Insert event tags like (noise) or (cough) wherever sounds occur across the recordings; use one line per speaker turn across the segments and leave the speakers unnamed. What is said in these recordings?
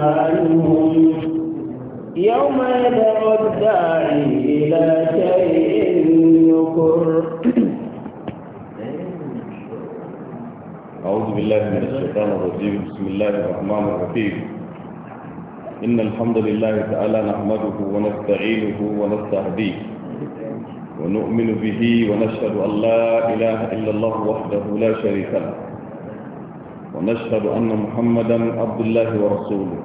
عنهم يوم يدعو الداعي إلى شيء نكر
أعوذ بالله من الشيطان الرجيم بسم الله الرحمن الرحيم إن الحمد لله تعالى نحمده ونستعينه ونستهديه ونؤمن به ونشهد أن لا إله إلا الله وحده لا شريك له ونشهد أن محمدا عبد الله ورسوله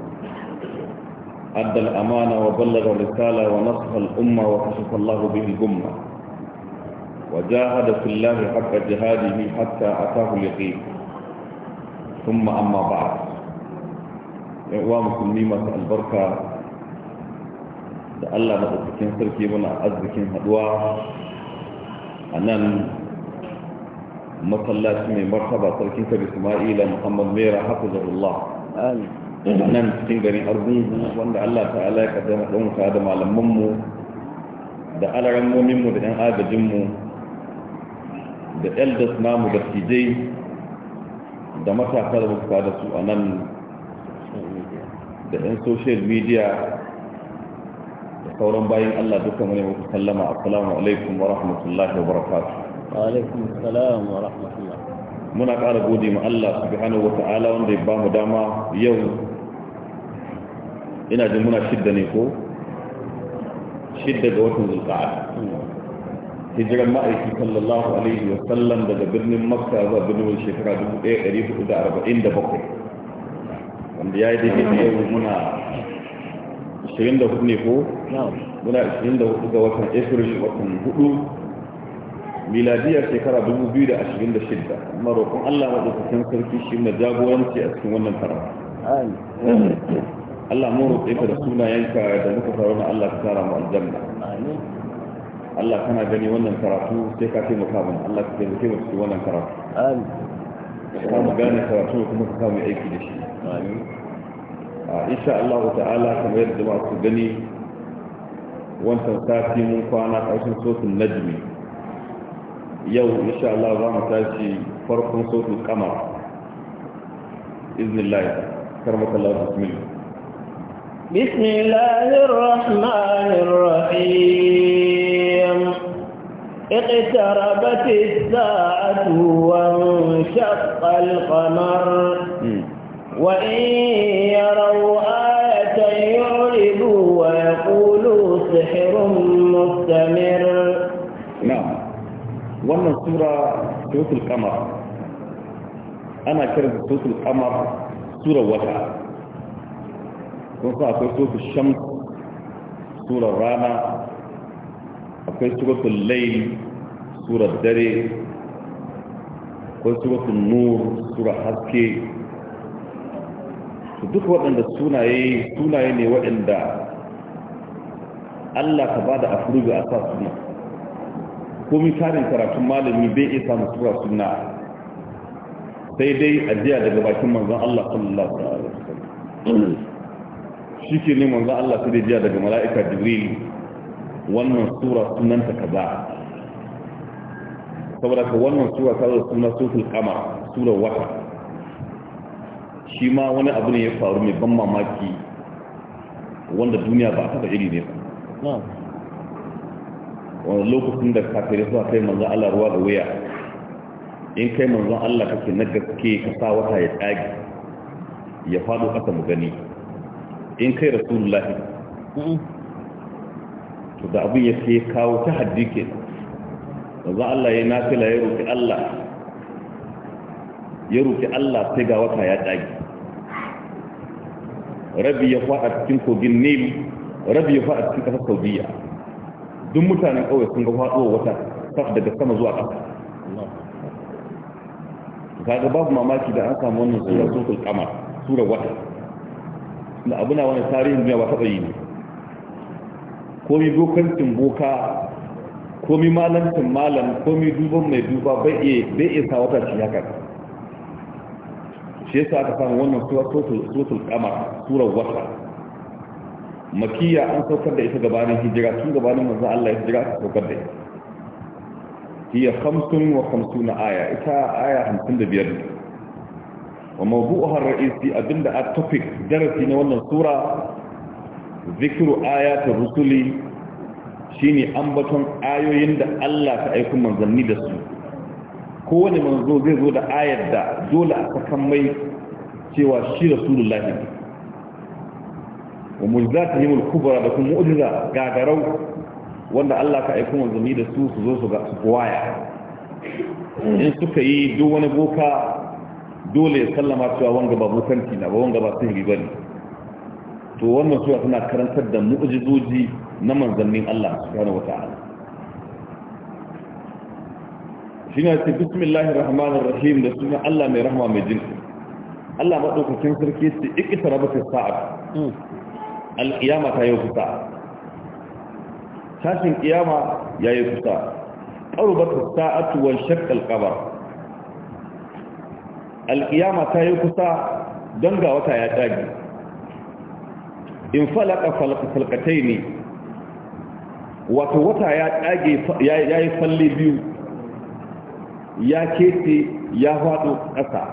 أدى الأمانة وبلغ الرسالة ونصح الأمة وكشف الله به الأمة وجاهد في الله حق جهاده حتى أتاه اليقين ثم أما بعد يقوى مسلمين مساء البركة da Allah maɗaukakin sarki muna arzikin haɗuwa a nan masallaci mai martaba sarkin kabi isma'ila muhammad mera hafizahullah nan cikin garin argungu wanda allah ta'ala ya kaddama ɗanka da malamanmu da alarammominmu da 'yan agajinmu da eldas namu da tijai da matasa da muka da su a nan da 'yan social media da sauran bayan allah dukkan wani muku sallama assalamu alaikum wa rahmatullahi wa barakatuh alaikum salam gode ma Allah subhanahu wa ta'ala wanda ya bamu dama yau ina jin muna shidda ne ko shidda ga watan zulqa'ada hijiran ma'aiki sallallahu alaihi wa sallam daga birnin makka zuwa birnin shekara 1447 wanda ya yi da yau muna 24 miladiyar shekara 2026 amma roƙon Allah maɗaukakin sarki shi na jagoranci a cikin wannan tarawa Allah mu roƙe ka da sunayenka da muka faru na Allah ka tara mu aljanna Allah kana gani wannan karatu sai ka taimaka mana Allah ka taimake mu cikin wannan karatu ka mu gane karatu kuma ka samu aiki da shi a insha Allah ta'ala kamar yadda jama'a su gani wancan sati mun kwana ƙarshen sosin najmi yau insha Allah za mu tashi farkon sautin kamar iznillah karmaka Allah bismillah
بسم الله الرحمن الرحيم اقتربت الساعة وانشق القمر وإن يروا آية يعرضوا ويقولوا سحر مستمر wannan sura suratul kamar,
ana kiran suratul kamar sura wata kun sa akwai suratul shams sura rana akwai suratul layl sura dare akwai suratul nur sura haske duk waɗanda sunaye sunaye ne waɗanda Allah ka ba bada afruga a sa suna komi tarin karatun malami bai isa samu sura suna sai dai ajiya daga bakin manzan Allah sallallahu alaihi wasallam shi ke ne manzan Allah sai dai jiya daga mala'ika Jibril wannan sura sunan ta kaza saboda ka wannan sura ta zai suna sufil qamar sura wata shi ma wani abu ne ya faru mai ban mamaki wanda duniya ba ta da iri ne ba wani lokacin da kafirai suka kai manzon Allah ruwa da wuya in kai manzon Allah kake na gaske ka sa wata ya tsage ya faɗo ƙasa mu gani in kai rasulullahi to da abin ya sai kawo ta haddi ke manzon Allah ya nafila ya roƙi Allah ya roƙi Allah sai ga wata ya tsage rabi ya faɗa cikin kogin nil rabi ya faɗa cikin ƙasar saudiya duk mutanen kawai sun ga faɗo wata saf daga sama zuwa ƙasa ga babu mamaki da an samu wannan sura suratul qamar tura wata da abuna wani tarihin duniya ba taɓa yi ne komi dokancin boka komi malamcin malam komi duban mai duba bai iya sa wata shi haka shi yasa aka samu wannan sura suratul qamar tura wata makiya an saukar da ita gabanin hijira tun gabanin manzo Allah ya hijira aka saukar da ita hiya khamsun wa khamsuna aya ita aya 55 wa mawdu'uha ar-ra'isi abinda a topic darasi na wannan sura zikru ayatir rusuli shine ambaton ayoyin da Allah ta aika manzanni da su Ko wani manzo zai zo da ayar da dole a sakan mai cewa shi rasulullahi ne wa mujizatihim al-kubra da kuma mu'jiza gagarau wanda Allah ka aika manzanni da su su zo su ga waya in suka yi duk wani boka dole ya sallama cewa wanga ba bokanci na ba wanga ba sihiri bane to wannan sura tana karantar da mu'jizoji na manzannin Allah subhanahu wata'ala shine ce bismillahir rahmanir rahim da Allah mai madaukakin sarki ce ikitarabatis alƙiyama ta yi kusa tashin ƙiyama ya yi kusa ƙarubata sa'atu wa shakkal ƙabar alƙiyama ta yi kusa don ga wata ya ɗage in falaka falkatai ne Wata wata ya ɗage ya yi falle biyu ya kete ya faɗo ƙasa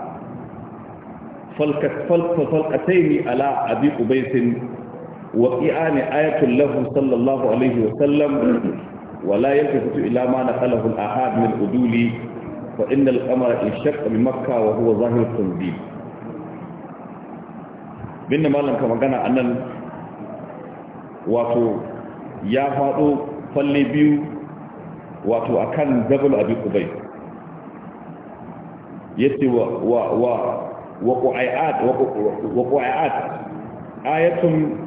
falkatai ne ala abi ubaisin waƙi'a ne ayatun lahu sallallahu alaihi wa sallam ولا يلتفت إلى ما uduli الآحاد من الأدول فإن القمر انشق من مكة وهو ظاهر التنزيل bin da malam ka magana a nan wato ya faɗo falle biyu wato a kan zabal abi kubai ya ce wa ƙwa'ayat ayatun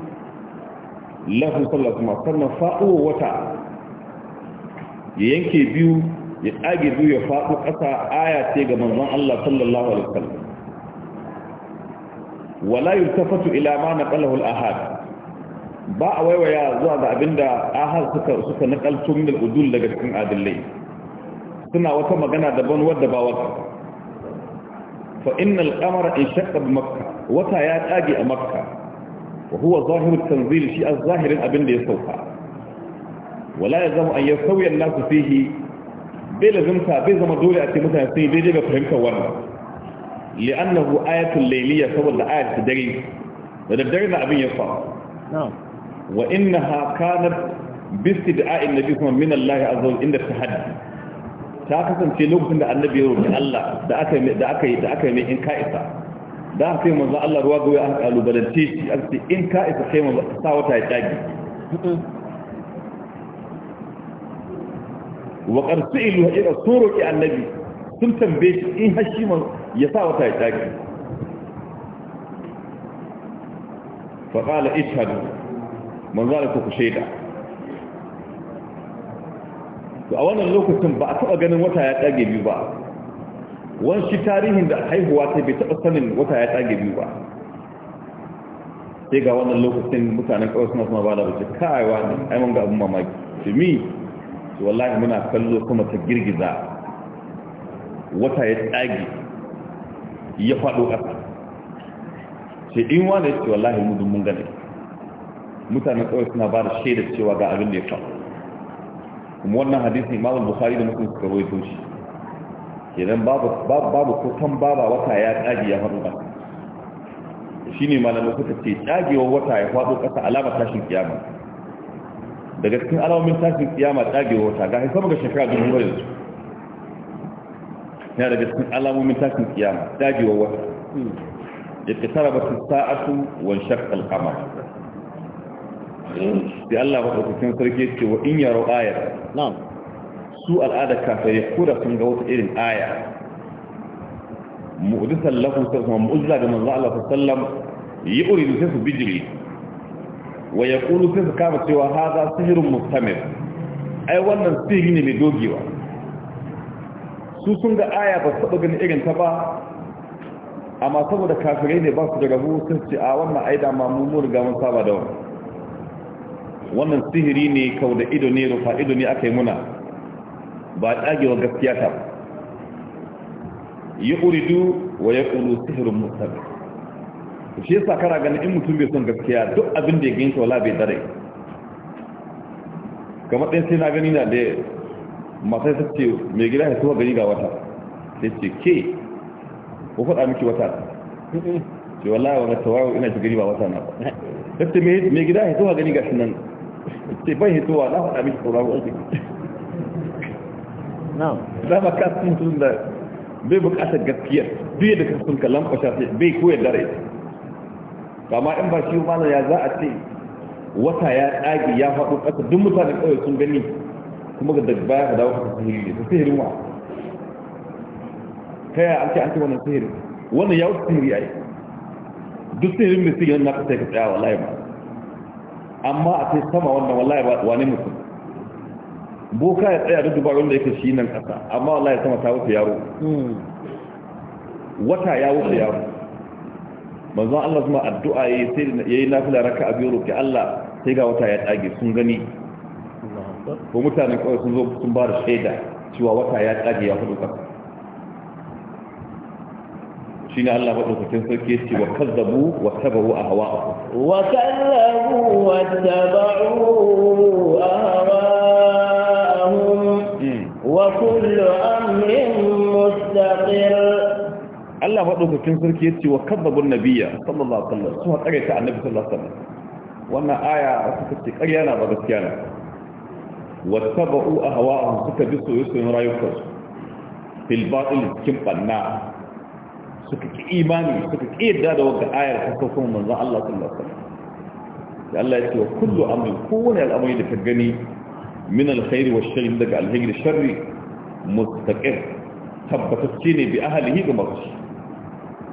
Lafin sallallahu kuma sannan fa'o wata ya yanke biyu ya tsage biyu ya faɗo ƙasa aya ce ga manzon Allah sallallahu alaihi wasallam wala yultafatu ila ma na al-ahad ba a waiwaya zuwa ga abinda ahad suka suka nakalto min al daga cikin adillai suna wata magana daban wadda ba wata fa innal qamara in shaqqa bi makkah wata ya tsage a Makka. wa huwa zahiru tanzil shi a zahirin abin da ya sauka wala yazamu an yasawi an-nasu fihi bai lazimta bai zama dole a ce mutane sun yi daidai ga fahimtar wannan li'annahu ayatul layliya saboda ayat dare da daddare na abin ya faru wa annabi kuma min Allah azza wa inda ta kasance lokacin da annabi ya roƙi Allah da aka da aka yi da aka yi mai in da haka manzo Allah ruwa goyi an kalubalanci shi aka in ka isa kai manzo sa wata ya tsage wa qarsu ilu ila suruki annabi sun tambaye shi in har shi ya sa wata ya tsage fa qala ishhadu manzo Allah ku shaida to a wannan lokacin ba a taba ganin wata ya tsage biyu ba wani tarihin da haihuwa ta bai taɓa sanin wata ya tsage biyu ba sai ga wannan lokacin mutanen kawai suna suna ba da wuce kawai wani aiman ga abin mamaki to mi to wallahi muna kallo kuma ta girgiza wata ya tsage ya faɗo ƙasa ce in wane ya ce wallahi mudun mun gane mutanen kawai suna ba da shaidar cewa ga abin da ya faɗo kuma wannan hadisi malam bukhari da muslim suka rawaito shi idan babu kusan baba wata ya tsage ya faɗo ƙasa shi ne malamai suka ce tsagewar wata ya faɗo ƙasa alama tashin kiyama daga cikin alamomin tashin kiyama tsagewar wata ga sama ga shekara dubu wani su yana daga cikin alamomin tashin kiyama tsagewar wata ya ke tara ba su sa'atu wani shakkal kama sai Allah ba cikin sarki ce wa in yaro ayar su al'ada kafirai ko da sun ga wata irin aya mu'jisan lahu sai kuma mu'jiza ga manzo Allah sallam yi uridu sai su bijiri wa yaqulu sai su kama cewa su sihrun mustamir ai wannan sihiri ne mai dogewa su sun ga aya ba su taba ganin irin ta ba amma saboda kafirai ne ba su da rabu sun ce a wannan aida ma mun riga mun saba da wannan wannan sihiri ne kawo da ido ne rufa ido ne aka yi muna ba tsagewa gaskiya ta yi uridu wa ya ƙulu sihirin musamman shi yasa kara ganin in mutum bai son gaskiya duk abin da ya gani wala bai dare kamar ɗin sai na gani na da masai ta ce mai gida ya tuwa gani ga wata sai ce ke ko faɗa miki wata ce (laughs) wallahi wani tawayo ina shi gani ba wata na ba ta ce mai gida ya tuwa gani ga shi nan ce (laughs) ya tuwa na faɗa miki tsoron wata dama ka sun tun da bai bukatar gaskiya duk da ka sun kallon kwasha bai koyar da rai amma in ba shi mana ya za a ce wata ya tsage ya faɗo ƙasa duk mutanen ƙauye sun gani kuma ga daga baya ka dawo ka sihiri ne ta sihirin wa ta yaya an ce an ce wannan sihirin wannan ya wuce sihiri yi duk sihirin mai sihirin na ka sai ka tsaya wallahi ba amma a ce sama wannan wallahi ba wani mutum boka ya tsaya da dubarun da yake shi nan kasa amma Allah ya sama ta wuce yaro hmm. wata ya wuce yaro manzo Allah kuma addu'a yayi sai yayi nafila a biyo roki Allah sai ga wata ya tsage sun gani ko mutane kawai sun zo sun ba da shaida cewa wata ya tsage ya fito kasa shi ne Allah maɗaukakin sarki ce wa kazzabu wa tabaru a hawa'ahu
wa kazzabu wa tabaru
Allah madaukakin sarki yace wa kadzabun nabiyya sallallahu alaihi wasallam suka kare ta annabi sallallahu alaihi wasallam wannan aya suka ce ƙarya na ba gaskiya na wattaba'u ahwa'ahum suka bi soyayyen rayukansu fil batil cikin banna suka ki imani suka ki yadda da wata ayar ta kafin manzon Allah sallallahu alaihi wasallam Allah ya ce wa kullu amrin kowane al'amari da ka gani min alkhairi wa sharri daga alkhairi da sharri mustaqir tabbatacce ne bi ahlihi ga mabashi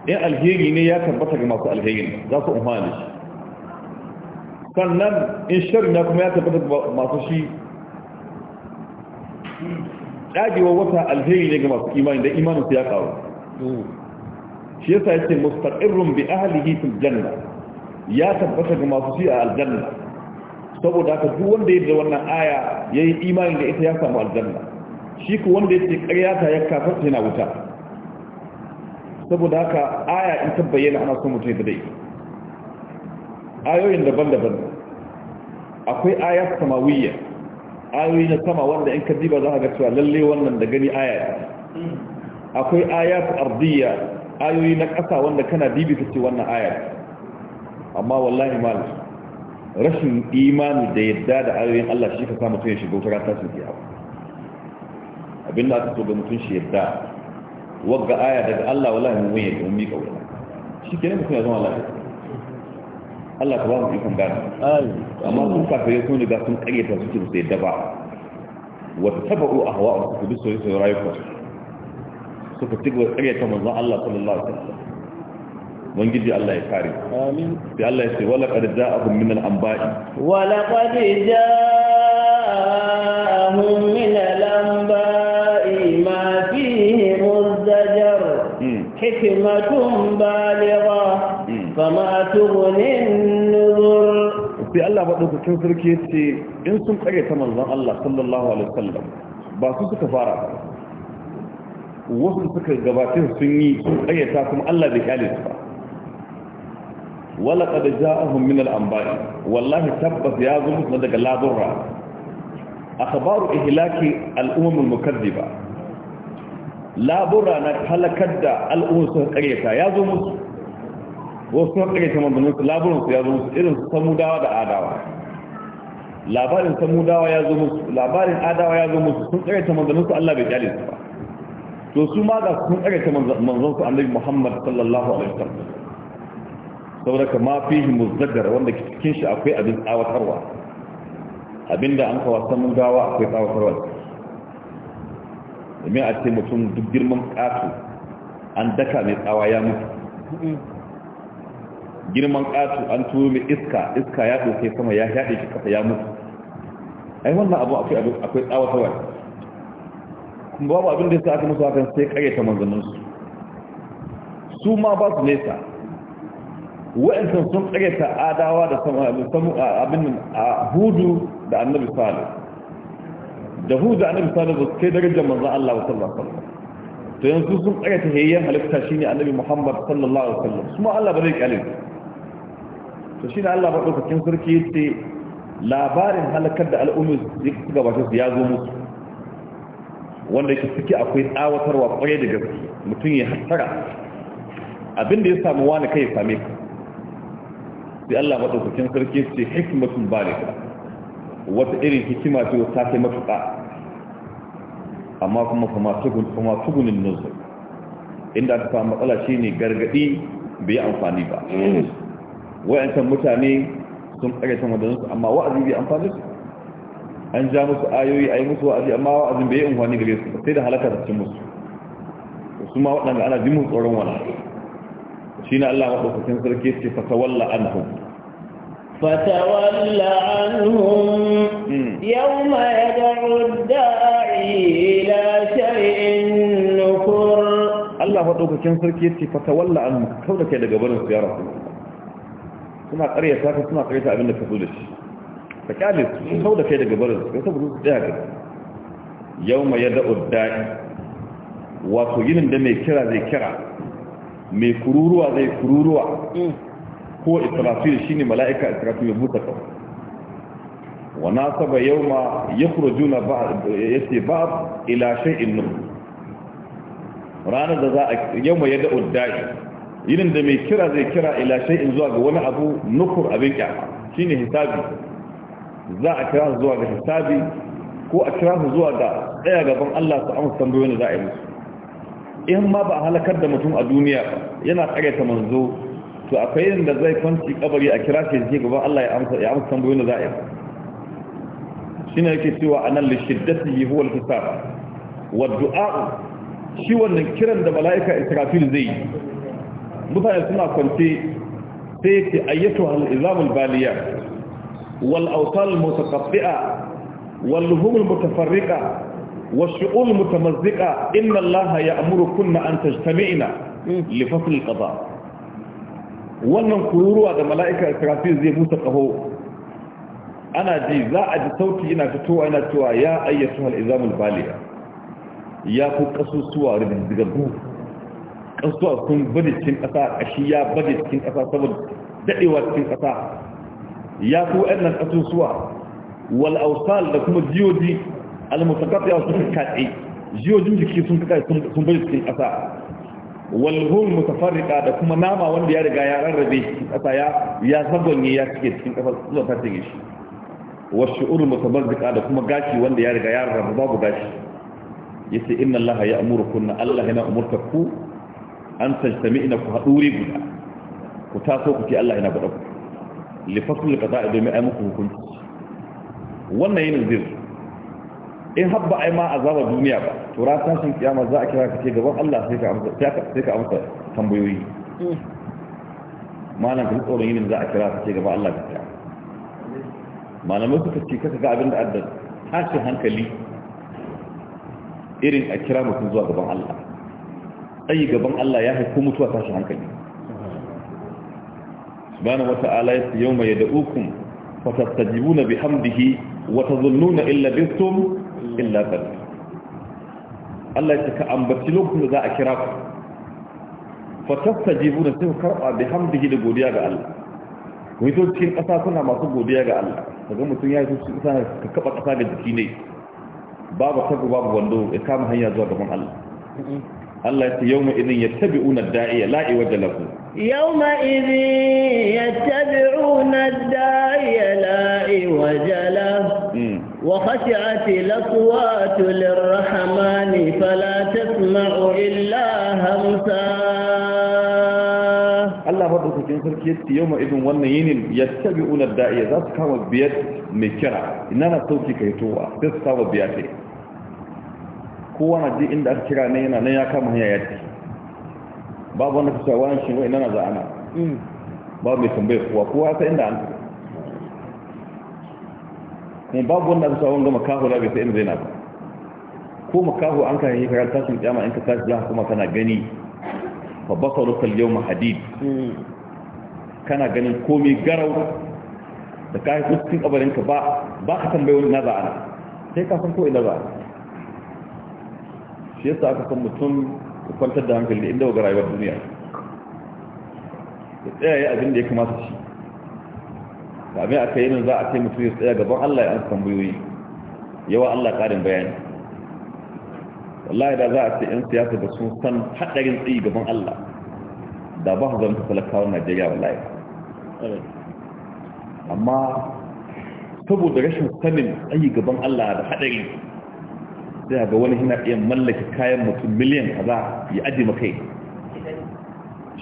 in alheri ne ya tabbata ga masu alheri za su umhane shi sannan in shirin ya kuma ya tabbata ga masu shi ɗagewa wata alheri ne ga masu imani da imanin su ya ƙaru shi yasa yake mustaqirrun bi ahlihi fil janna ya tabbata ga masu shi a aljanna saboda haka duk wanda ya da wannan aya yayi imani da ita ya samu aljanna shi ko wanda yake ƙarya ta ya kafarta yana wuta saboda haka aya in ta bayyana ana son mutum ya dai ayoyin daban-daban akwai ayat samawiyya ayoyi na sama wanda in ka diba za ka ga cewa lalle wannan da gani aya akwai ayat ardiyya ayoyi na ƙasa wanda kana dibi ta ce wannan aya amma wallahi mal rashin imani da yadda da ayoyin Allah shi ka sa mutum ya shiga wutar ta su ke abinda aka so ga mutum shi yadda wagga aya daga Allah wallahi mun yi mun mika wuya shi kenan mutum ya zama Allah Allah ka ba mu ikon gani amma sun kafirai sun riga sun karyata suke da daba wa tabu taba'u a hawa so bi rayu soyi rayuwa suka tigo gaba ta manzo Allah sallallahu alaihi wasallam ubangiji Allah ya kare amin sai Allah ya ce wala qad ja'akum min al-anba'i
wala qad ja'a حكمة بالغة فما تغني
النذر sai Allah maɗaukakin sarki ya ce in sun tsage ta manzon Allah sallallahu alaihi wasallam ba su suka fara wasu suka gabatar sun yi sun tsage ta kuma Allah bai kyale su ba wala qad ja'ahum min al-anba'i wallahi tabbas ya daga laburra akhbaru ihlaki al-umam al labura na halakar da al'ummar sun karyata ya zo musu wasu sun karyata manzannin su laburan ya zo musu irin samudawa da adawa labarin samudawa ya zo musu labarin adawa ya zo musu sun karyata manzannin su Allah bai jale su ba to su ma ga sun karyata manzon su Annabi Muhammad sallallahu alaihi wasallam saboda kama fihi muzaddar wanda cikin shi akwai abin tsawatarwa abinda an kawo samudawa akwai tsawatarwa domin a ce mutum duk girman ƙato an daka mai tsawa ya mutu girman ƙato an turo mai iska iska ya ɗauke sama ya haɗe shi kasa ya mutu ai wannan abu akwai tsawa kawai kuma babu abin da ya sa aka musu hakan sai ƙaryata manzanninsu su ma ba su nesa wa'ansan sun ƙaryata adawa da abin hudu da annabi salim da da annabi sallallahu alaihi wasallam sai darajar manzon Allah sallallahu alaihi wasallam to yanzu sun tsaya ta hayyan halitta shine annabi Muhammad sallallahu alaihi wasallam kuma Allah ba zai kyale to shine Allah ba dokokin sarki yace labarin halakar da al'ummi su gabata su ya zo musu wanda yake suke akwai tsawatarwa kwarai da gaske mutum ya hattara abinda ya samu wani kai ya same ka sai Allah madaukakin sarki ce hikmatun balika wata irin hikima ce wata kai matuƙa amma kuma kuma tugunin nuzul inda aka samu matsala shine gargadi gargaɗi bai amfani ba wa'yantar mutane sun ƙarƙashin wadansu amma wa'azi bai amfani su an ja musu ayoyi ayi musu wa'azi amma wa'azin bai yi amfani gare su sai da halaka da cin musu su ma waɗanda ana jimin tsoron wani shi na Allah maɗaukacin sarki ce fatawalla anhum
fatawalla anhum hmm. yawma yad'u ad
maɗaukakin sarki ya ce fatawalla an kau da kai daga barin su ya rasu suna ƙaryata ka suna ƙaryata abin da ka zo da shi ka kyale su kau da kai daga barin su kai saboda su tsaya ga yau mai yadda udda'i wato yinin da mai kira zai kira mai kururuwa zai kururuwa ko shi ne mala'ika israfil mai busa kawai wa nasaba yawma yakhrujuna ba'd yasi ba'd ila shay'in nur ranar da za a yau mai yadda uddai yinin da mai kira zai kira ila in zuwa ga wani abu nukur abin kyama shine hisabi za a kira su zuwa ga hisabi ko a kira su zuwa ga tsaya gaban Allah su amsa tambayoyin da za a yi musu in ma ba a halakar da mutum a duniya yana tsagaita manzo to akwai yin da zai kwanci kabari a kira shi ji gaban Allah ya amsa ya amsa tambayoyin da za a yi shine yake cewa anan li shiddatihi huwa al-hisab wa du'a shi wannan kiran da mala'ika israfil zai yi mutane suna kwance sai ya ce ayyatu al'izamul baliya wal autal mutaqatti'a wal humul mutafarriqa wal shu'ul mutamazziqa inna laha ya an na an fasl al-qada wannan kururuwa da mala'ika israfil zai busa kaho ana ji za a ji sauti yana fitowa yana cewa ya ayyatu al'izamul baliya ya fi kasusuwa rididdigaggu ƙasusuwa sun bade cikin ƙasa a shi ya bade cikin ƙasa saboda daɗewa cikin ƙasa ya fi waɗannan ƙasusuwa wal da kuma jiyoji ya sun kaɗe jiyojin jiki sun kaɗe sun bade cikin ƙasa walhul mutafarriqa da kuma nama wanda ya riga ya rarrabe cikin ƙasa ya ya sabonye ya cike cikin ƙasa zuwa ta cike shi wa shu'ur mutabarriqa da kuma gashi wanda ya riga ya rarrabe babu gashi Ya yace inna allaha ya'murukum allah yana umurka ku an tajtami'na ku haduri guda ku taso ku ce allah yana guda ku li fasl qada'i domin ai muku hukunci wannan yin zir in habba ai ma zaba duniya ba Tura tashin kiyama za a kira ka ce gaban allah sai ka amsa tambayoyi malam ka tsoron yin za a kira ka ce gaban allah ka ta malamai suka ce kasa ga abin da addar tashin hankali irin a kira mutum zuwa gaban Allah tsayi gaban Allah ya haifu mutuwa tashi hankali subhanahu wata'ala ya ce yawma yad'ukum fatastajibuna bihamdihi wa tazunnuna illa bistum illa qad Allah ya ce ka ambaci lokacin da za a kira ku fatastajibuna sai ku karba bihamdihi da godiya ga Allah ku yi to cikin ƙasa suna masu godiya ga Allah kaga mutum ya yi to cikin ka kaba ƙasa da jiki ne babu tabu babu wando ya kama hanya zuwa gaban Allah Allah yace ce idin yattabi'una da'iya la'i wajen lafi
yau ma'izin ya da'iya la'i wajen lafi wa khashi'ati lakwatu lirrahmani fala tasma'u illa hamsa Allah
madaukakin sarki yace yawma idin wannan yinin unar da'iya za su kama biyar mai kira ina na sauki kai towa sai su kama biya yi. kowa na ji inda aka kira ne yana nan ya kama hanya ya babu wanda kusa wani shi ina na za'ana mm. babu mai tambaye kowa kowa sai inda an kuma babu wanda kusa wani gama kahu da bai sai inda zai na ba ko makahu an ka yi karar tashin kyama in ka tashi za kuma kana gani fa basaruka al-yawma hadid kana ganin komi garau da kai cikin kabarin ka ba ba ka tambaye wani naza ana sai ka san kawai na za'ana shi yasa aka san mutum da kwantar da hankali inda ga rayuwar duniya ya tsaya abin da ya kamata shi kame aka yi nan za a ce mutum ya tsaya gaban Allah ya an tambayoyi yawa Allah ƙarin bayani wallahi da za a ce yan siyasa da sun san haɗarin tsayi gaban Allah da ba su zama talakawan Najeriya wallahi amma saboda rashin sanin tsayi gaban Allah da haɗari sai ga wani hina iya mallake kayan mutum miliyan kaza ya aji makai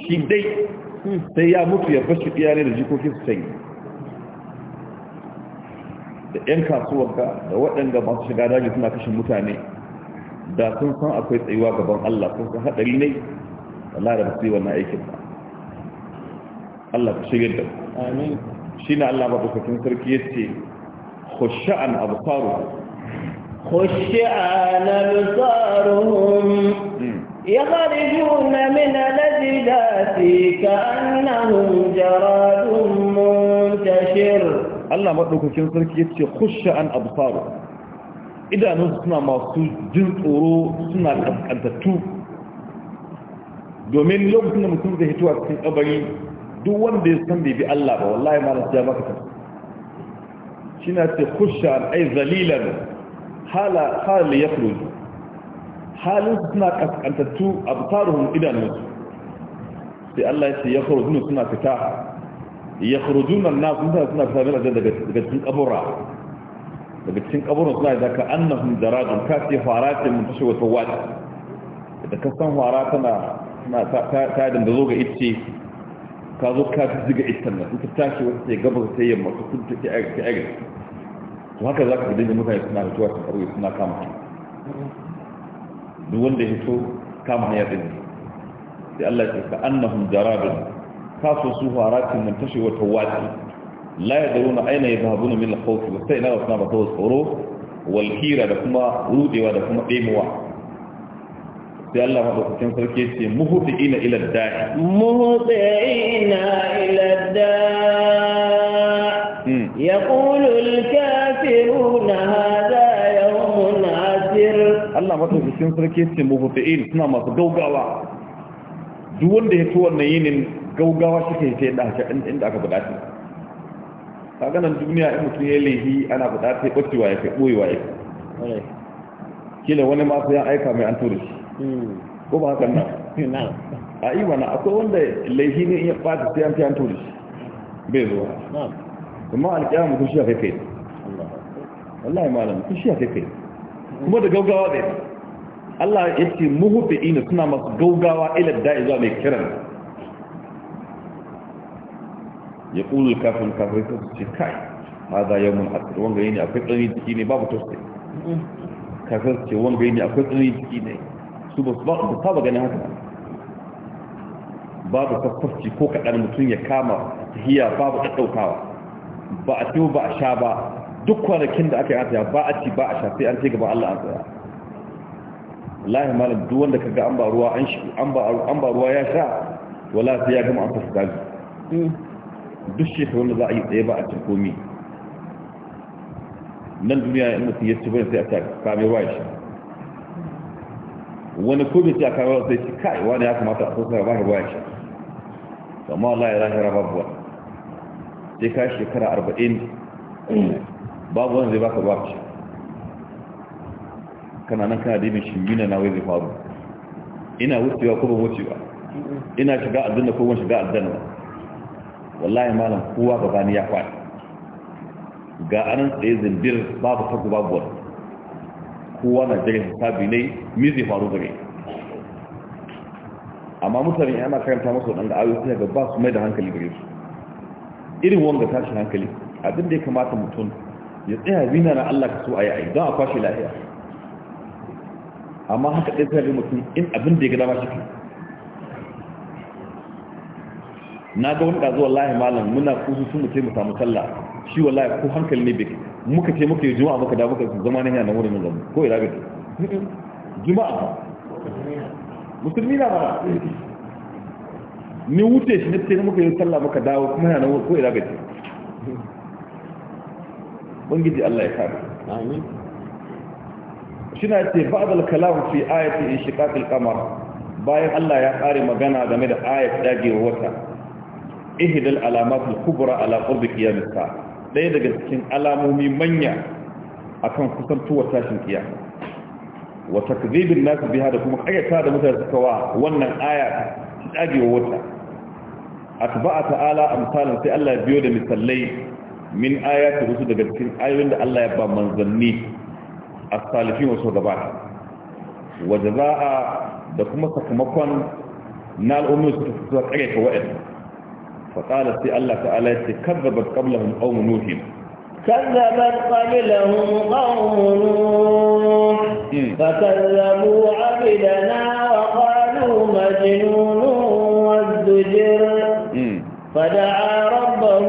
shi dai sai ya mutu ya bashi iyare da jikokin su sanyi da 'yan kasuwanka da waɗanda masu shiga daji suna kashin mutane da sun san akwai tsayuwa gaban Allah sun san hadari ne Allah da basu yi wannan aikin ba Allah ka shigar da amin shi na Allah ba bukatun sarki ya ce khushya'an absaru
khushya'an absaruhum يخرجون من الأجداث كأنهم جراد منتشر
Allah maɗaukakin sarki ya ce kushe an absaru idanunsu suna masu jin tsoro suna kaskantattu domin lokacin da mutum zai hito a cikin kabari duk wanda ya san bai bi Allah ba wallahi ma nasu ya baka ta shi na ce kusha ai zalilan hala hali ya furu halin suna kaskantattu a tsaruhun idanunsu sai Allah ya ce ya furu suna fita ya furu junan na suna fita daga cikin kabura daga cikin kaburin suna da ka annahum darajun ka ce fara ce mun tashi wata wata da ka san fara tana na ta da zo ga icce ka zo ka fi ziga iccen nan ta tashi wata sai gaba ta yamma ta kun ta ta aga to haka za ka dinga mutane suna fitowa ta karuwa suna kama hanya duk wanda ya fito kama hanya din sai Allah ya ce ka annahum darajun ka so su fara ce mun tashi wata wata la yadruna aina ya min al-khawf wa sai na suna ba tawar tsoro wal da kuma rudewa da kuma ɗemuwa sai Allah madaukakin sarki ya ce muhtiina ila da'i
muhtiina ila da'i
Allah sarki suna masu gaugawa duk wanda ya ci wannan yinin gaugawa shi ke sai inda aka buɗaci. kaga nan duniya in mutum ya lehi ana faɗa sai ɓacewa ya kai ɓoyewa ya kai kila wani ma sai aika mai an tura shi hmm. ko ba hakan nan (laughs) a yi wani akwai wanda lehi ne in ya ɓata sai an fi an tura shi bai zuwa amma alƙiyar mutum shi a kai kai wallahi malam mutum shi a kai kai kuma da gaugawa ne. Allah ya ce muhuɗe ina suna masu gaugawa ila da'i zuwa mai kiran ya ƙulu kafin kafin ta su ce kai ma za yau mun asir wanga yi ne akwai tsanani jiki ne babu tosai kafin su ce wanga yi ne akwai tsanani jiki ne su ba su saba ganin haka babu sassafci ko kaɗan mutum ya kama tahiya babu ɗaɗɗaukawa ba a ciwo ba a sha ba duk kwanakin da aka yi hata ba a ci ba a sha sai an ce gaba Allah an tsaya wallahi malam duk wanda kaga an ba ruwa an ba ruwa ya sha wala sai ya gama an fasa dali duk shekaru wanda za a yi tsaye ba a cin komi nan duniya ya mutu ya ci bane sai a kame wa shi wani komi sai a kame wa sai ci kai wani ya kamata a sosa ba wa shi amma Allah ya rahira babuwa sai ka shekara arba'in babu wani zai baka babu shi kana nan kana daimin shimbina na wai zai faru ina wucewa ko ban wucewa ina shiga aljanna ko ban shiga aljanna wallahi malam kowa bani ya faɗi ga anan tsaye zindir babu taku babu wani kowa na jirgin hasabi ne mizi faru gare amma mutane yana karanta masu waɗanda ayoyi suna ga ba su mai da hankali gare su irin wanda tashi hankali abin da ya kamata mutum ya tsaya bina na Allah ka so a yi don a kwashe lafiya amma haka ɗaya tsari mutum in abin da ya gada ma shi na ga wani ɗazu wallahi malam muna kusa sun mutai mu samu sallah shi wallahi ko hankali ne bai muka ce muka yi juma'a muka da muka zama na yana wurin zama ko ira bai juma'a ba musulmi na ba ni wuce shi na ce muka yi sallah muka dawo kuma yana wurin ko ira bai bangiji Allah ya kare amin shina ce ba'dal kalam fi ayati inshiqaqil qamar bayan Allah ya kare magana game da ayat dagewar wata ihdal alamatul kubra ala qurbi qiyamis sa'a ɗaya daga cikin alamomi manya akan kusan kusantuwar tashin kiyama wa takdhibin nas biha da kuma kayyata da mutane suka wa wannan aya ta wa wata atba'a ta'ala amsalan sai Allah ya biyo da misallai min ayati rusul daga cikin ayoyin da Allah ya ba manzanni as-salifin wa shugabata wa jazaa da kuma sakamakon na al'ummi su ta kayyata wa'anda فقال سي الله تعالى كذبت قبلهم قوم نوح
كذبت قبلهم قوم نوح فكذبوا عبدنا وقالوا مجنون وازدجر فدعا ربه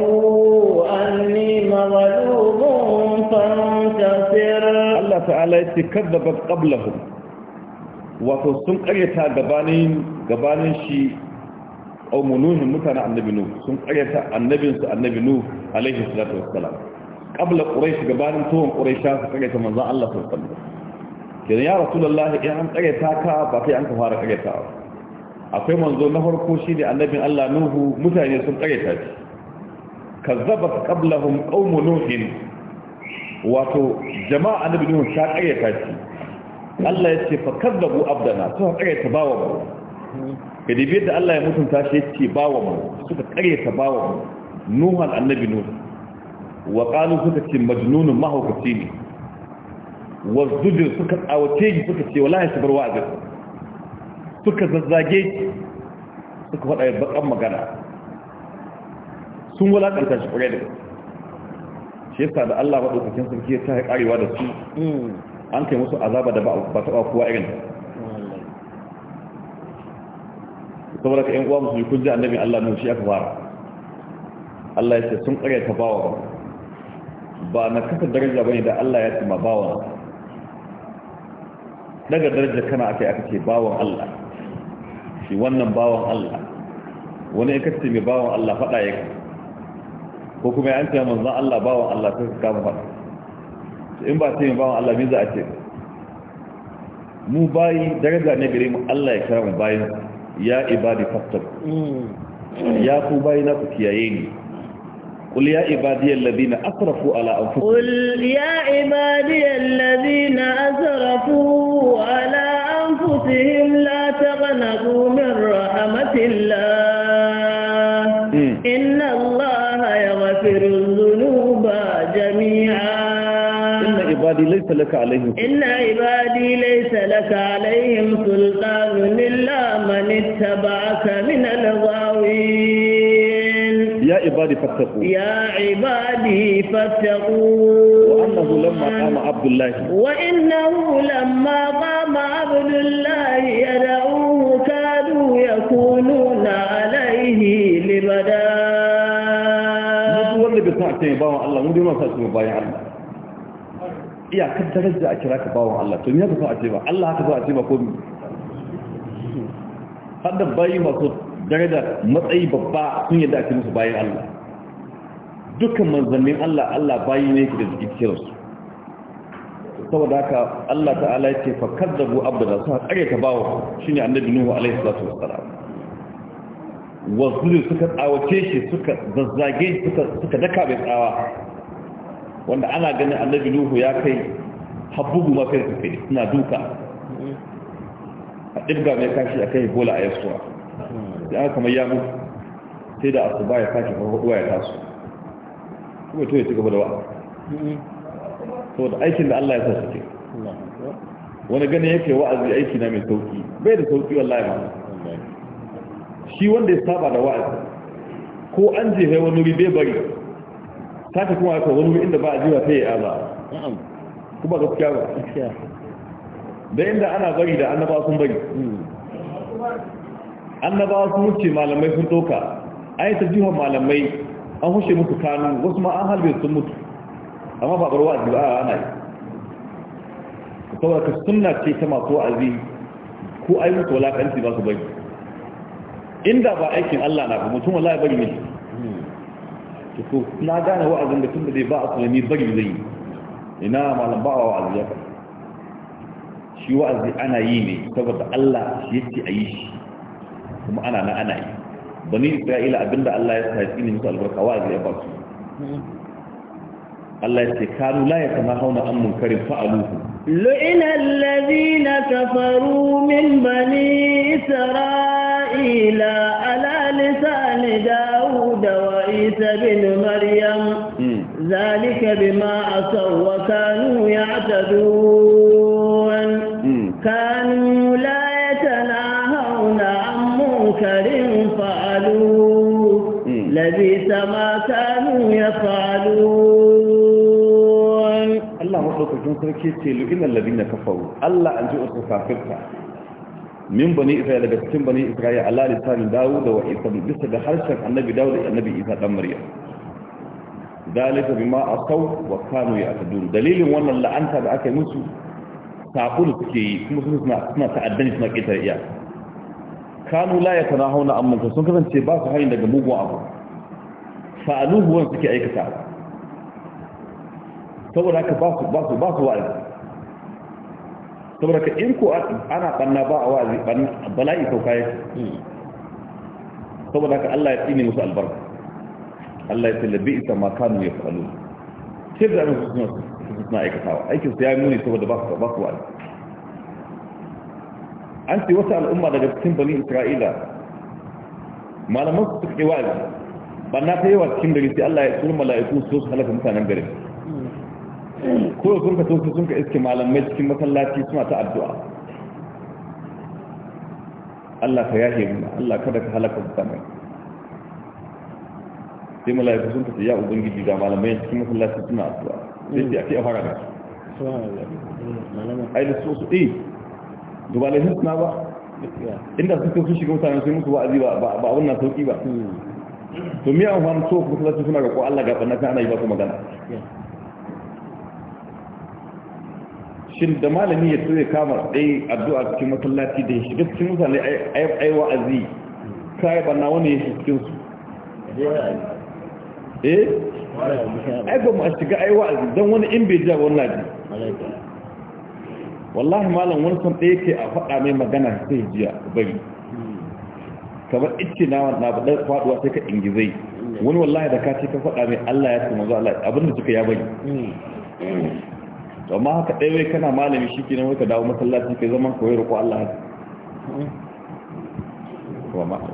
أني مغلوب فانتصر الله تعالى
كذبت قبلهم وتصنق أيتها قبانين قبانين شيء qaumu nuhin mutanen annabi nuh sun karyata annabin su annabi nuh alaihi salatu wassalam qabla quraish gabanin tuhum quraisha su karyata manzon Allah sallallahu alaihi wasallam kenan ya rasulullah in an karyata ka ba kai an ka fara karyata ba akwai manzo na farko shine annabin Allah nuhu mutane sun karyata shi kazzabat qablahum qaumu nuhin wato jama'a annabi nuhu ta karyata shi Allah ya ce fa kazzabu abdana to karyata bawa ka dibi yadda Allah ya mutunta shi yace bawa mu suka karyata bawa mu nuhu annabi nuhu wa qalu suka ce majnun mahaukaci ne wa zujur suka tsawace shi suka ce wallahi sabar wa'azi suka zazzage shi suka faɗa bakan magana sun wulakanta shi kwarai da shi yasa da Allah madaukakin sarki ya ta karewa da su mm. an kai musu azaba da ba ta ba kowa irin saboda ka yan uwa musulmi kun ji annabin Allah mun shi aka fara Allah ya ce sun kare ta bawa ba na kasa daraja bane da Allah ya ce ma bawa daga daraja kana aka yi aka ce bawan Allah shi wannan bawan Allah wani ya kace mai bawan Allah faɗa yake ko kuma ya ce manzon Allah bawan Allah sai ka kama fada in ba ce mai bawan Allah min za a ce mu bayi daraja ne gare mu Allah ya kira mu bayin ya ibadi fattab ya ku bayina ku kiyaye ni قل يا عبادي الذين أسرفوا على أنفسهم
قل يا عبادي الذين أسرفوا على أنفسهم لا تغنقوا من رحمة الله إن الله يغفر الذنوب جميعا إن
عبادي ليس لك عليهم سلطان. إن عبادي ليس لك عليهم سلطان
اتبعك من الغاوين يا عبادي فاتقوا يا عبادي
فاتقوا وأنه لما قام عبد الله
وإنه لما قام عبد الله يدعوه كادوا يكونون عليه لبدا wanda bai san
a ce bawan Allah mu dai ma sa ce bayan Allah iyakar darajar a kira ka bawan Allah to ni haka so a ce ba Allah haka so a ce ba ko Hadda bayi masu daraja matsayi babba sun yadda ake musu bayan Allah dukkan manzannin Allah Allah bayi ne ke da jikin kiransu saboda haka Allah ta'ala ya ce fa kadzabu abdana su har ta bawo shine annabi nuhu alaihi salatu wassalam wasu suka tsawace shi suka zazzage suka suka daka bai tsawa wanda ana ganin annabi nuhu ya kai habbugu ma kai su suna duka a ɗirga mai kashi a kai bola a yasuwa da aka kamar ya mutu sai da asuba ya kashi farfaɗuwa ya taso kuma to ya ci gaba da wa'a da aikin da Allah ya sa suke wani gane yake wa'azi aiki na mai sauki bai da sauki wallahi ba shi wanda ya saba da wa'azi ko an hai wani wuri bai bari sake kuma aka wani inda ba a jiwa sai ya aza kuma gaskiya ba da inda ana bari da annaba sun bari annaba sun wuce malamai sun doka an yi tajihon malamai an hushe mutu kanu wasu ma an halbe sun mutu amma ba barwa a jiba ana yi saboda ka sunna ce ta masu wa'azi ko ai mutu walakanci ba su bari inda ba aikin Allah na ba mutum wallahi bari ne ko na gane wa'azin da tun da zai ba a tsunami bari zai ina malam ba wa wa'azi ya kai shi wa'azi ana yi ne saboda Allah ya ce a yi shi kuma ana na ana yi bani isra'ila abinda Allah ya sa ya tsini musu albarka wa'azi ya ba su Allah ya ce kanu la ya kama hauna an munkarin fa'aluhu
lu'ina allazina kafaru min bani isra'ila ala lisani dawud wa isa bin maryam zalika bima asaw wa kanu ya'tadun كانوا لا يتناهون عن منكر فعلوه لبئس ما كانوا
يفعلون الله مطلقكم سركي تيلو إن الذين كفروا الله أنجئ أصفافرك من بني إسرائيل بسكن بني إسرائيل على لسان داود وإيسا بسد حرشك النبي داود النبي إيسا مريم ذلك بما أصوا وكانوا يعتدون دليل وانا لعنتها بأكي مسو saƙo suke yi kuma suna ta'addani suna ƙetare iya kanu la ya tana hauna ammanka sun kasance ba su hanyar daga mugun abu fa'aluhu wani suke aikata saboda haka ba su ba su ba su wa'azi saboda ka in ko ana banna ba a wa'azi bala'i ko kai saboda haka Allah ya tsine musu albarka Allah ya tsallabi isa ma kanu ya falu sai da musu suna su suna aikatawa aikin su ya muni saboda ba su ba su wa'azi an ce wasu al'umma daga cikin bani isra'ila malaman su suke wa'azi ba na ta yawa cikin gari sai Allah ya tsuru mala'iku su su halaka mutanen gari ko sun ka tosu sun ka iske malamai cikin masallaci suna ta addu'a Allah ka yahe mu Allah kada ka halaka mutanen sai mala'iku sun ka ce ya ubangiji ga malamai cikin masallaci suna addu'a sai fara da ai da su su ɗi eh, duba suna ba inda su sun shiga mutane sun mutu wa'azi ba abin na sauki ba to miya amfani so ku salatu suna ga ko Allah ga banna ana yi ba su magana shin da malami ya tsaye kama ɗai addu'a cikin masallaci da ya shiga cikin mutane ai wa'azi ba na wani ya shi cikin su eh aikon mu a shiga aiwa wa'azi don wani in bai jawo wannan ji wallahi malam wani son ɗaya ke a faɗa mai magana sai jiya bari kamar ice na na faɗa faɗuwa sai ka ingizai wani wallahi da ka ce ka faɗa mai Allah ya tuma zuwa Allah abinda suka ya bari amma haka ɗaya wai kana malami shi kenan wai ka dawo masallaci kai zaman koyar ko Allah haka ba ma'a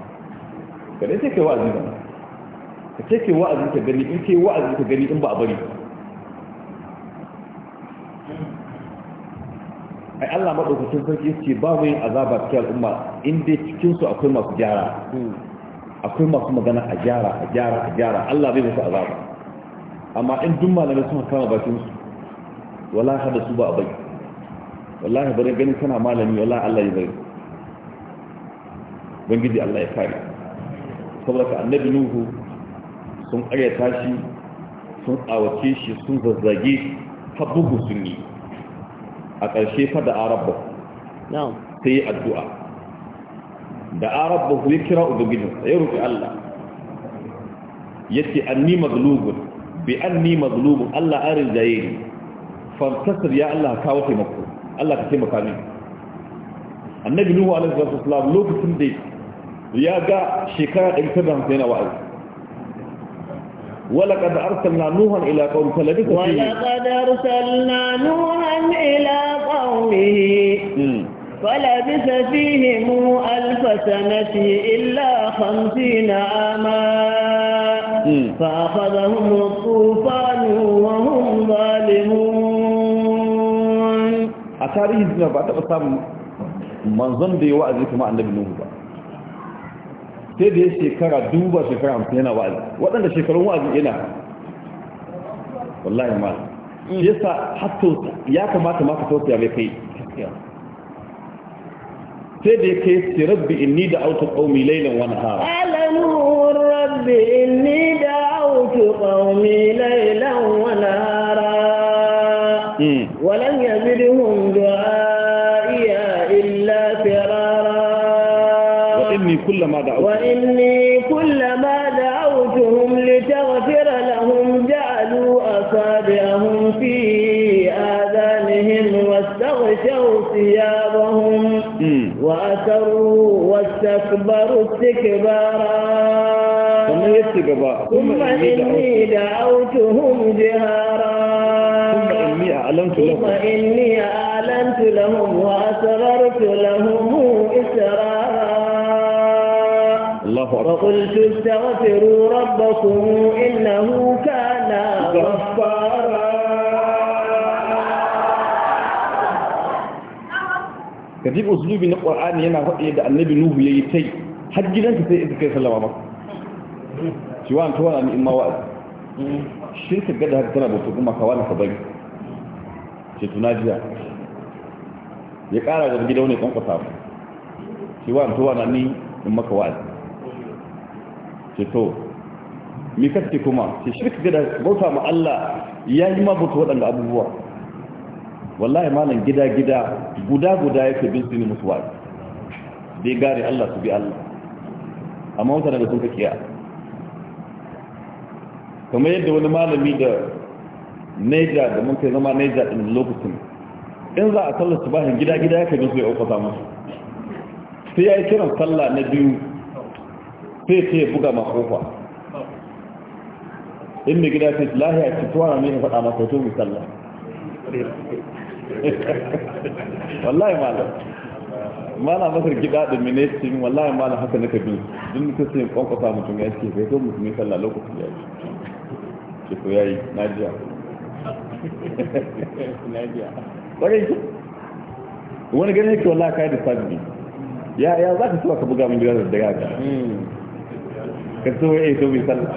ka dai sai kai wa'azi ba ka ce ke wa'azi ka gani in ke wa'azi ka gani in ba a bari ai Allah madaukakin sarki ce ba mu yin azaba cikin al'umma Inda cikinsu akwai masu gyara akwai masu magana a gyara a gyara a gyara Allah bai musu azaba amma in duk malamai suna kama bakinsu. su wala hada su ba a bai wallahi bari ganin kana malami wallahi Allah ya bai bangiji Allah ya kare saboda ka annabi nuhu sun ƙaryata shi sun tsawace shi sun zazzage ta bugu sun yi a ƙarshe fa da arabba sai yi addu'a da arabba ya kira ubangijinsa ya roƙi Allah ya ce an ni maglubun bi an ni maglubun Allah an rinjaye ne. fantasir ya Allah kawo taimako Allah ka taimaka min annabi nuhu alaihi wasallam lokacin da ya ga shekara 150 na wa'azi ولقد أرسلنا نوحا إلى قوم فلبث فيه ولقد
أرسلنا نوحا إلى قومه فلبث فيهم ألف سنة إلا خمسين عاما فأخذهم الطوفان وهم ظالمون أتاريه
سنة بعد أصاب منظم دي وأزيكم عن نبي نوح sai da ya shekara duba shekara hamsin yana wa'azi waɗanda shekarun wa'azi yana wallahi ma yasa hatto ya kamata maka ka tausaya mai kai sai da ya kai sai rabbi inni da autu qaumi laylan wa
nahara alamu rabbi inni da autu qaumi laylan wa nahara ولم hmm. يزدهم كلما دعوتهم وإني كلما دعوتهم لتغفر لهم جعلوا أصابعهم في آذانهم واستغشوا ثيابهم وأسروا واستكبروا استكبارا ثم إني دعوتهم جهارا ثم إني أعلنت لهم ثم إني أعلنت لهم وأسررت لهم إسرارا الله أكبر فقلت استغفروا ربكم إنه كان غفارا
كتيب أسلوب القرآن هنا هو يد النبي نوح يتي حج لن تتذكر صلى الله عليه شوان توانا من الموائد شرك قد هكذا تنبو تقوم كوانا فضيك شتناجي يقال أغرقي دوني كون قصاب شوان توانا من المكوائد ce to mi kace kuma shi shirka gida bauta ma Allah ya yi ma bauta waɗanda abubuwa wallahi malam gida gida guda guda yake bin su ne musu dai gare Allah su bi Allah amma wata daga sun ka kiya kamar yadda wani malami da Niger da mun kai zama Niger din lokacin in za a sallar su bahin gida gida yake bin su ya aukata musu sai ya yi kiran sallah na biyu sai ce ya buga makofa kofa in mai gida sai lahiya ci tuwa na nuna faɗa masa to misalla
(laughs)
wallahi malam mana masar gida da ministin wallahi malam haka na bin duk ka sai kwankwasa mutum ya ce bai to musulmi sallah lokacin ya yi ce ko yayi (laughs) najiya najiya kwarai wani ganin yake wallahi kai da sabbi ya za ka so ka buga min gida da daga ka so ya eh, to bai sallah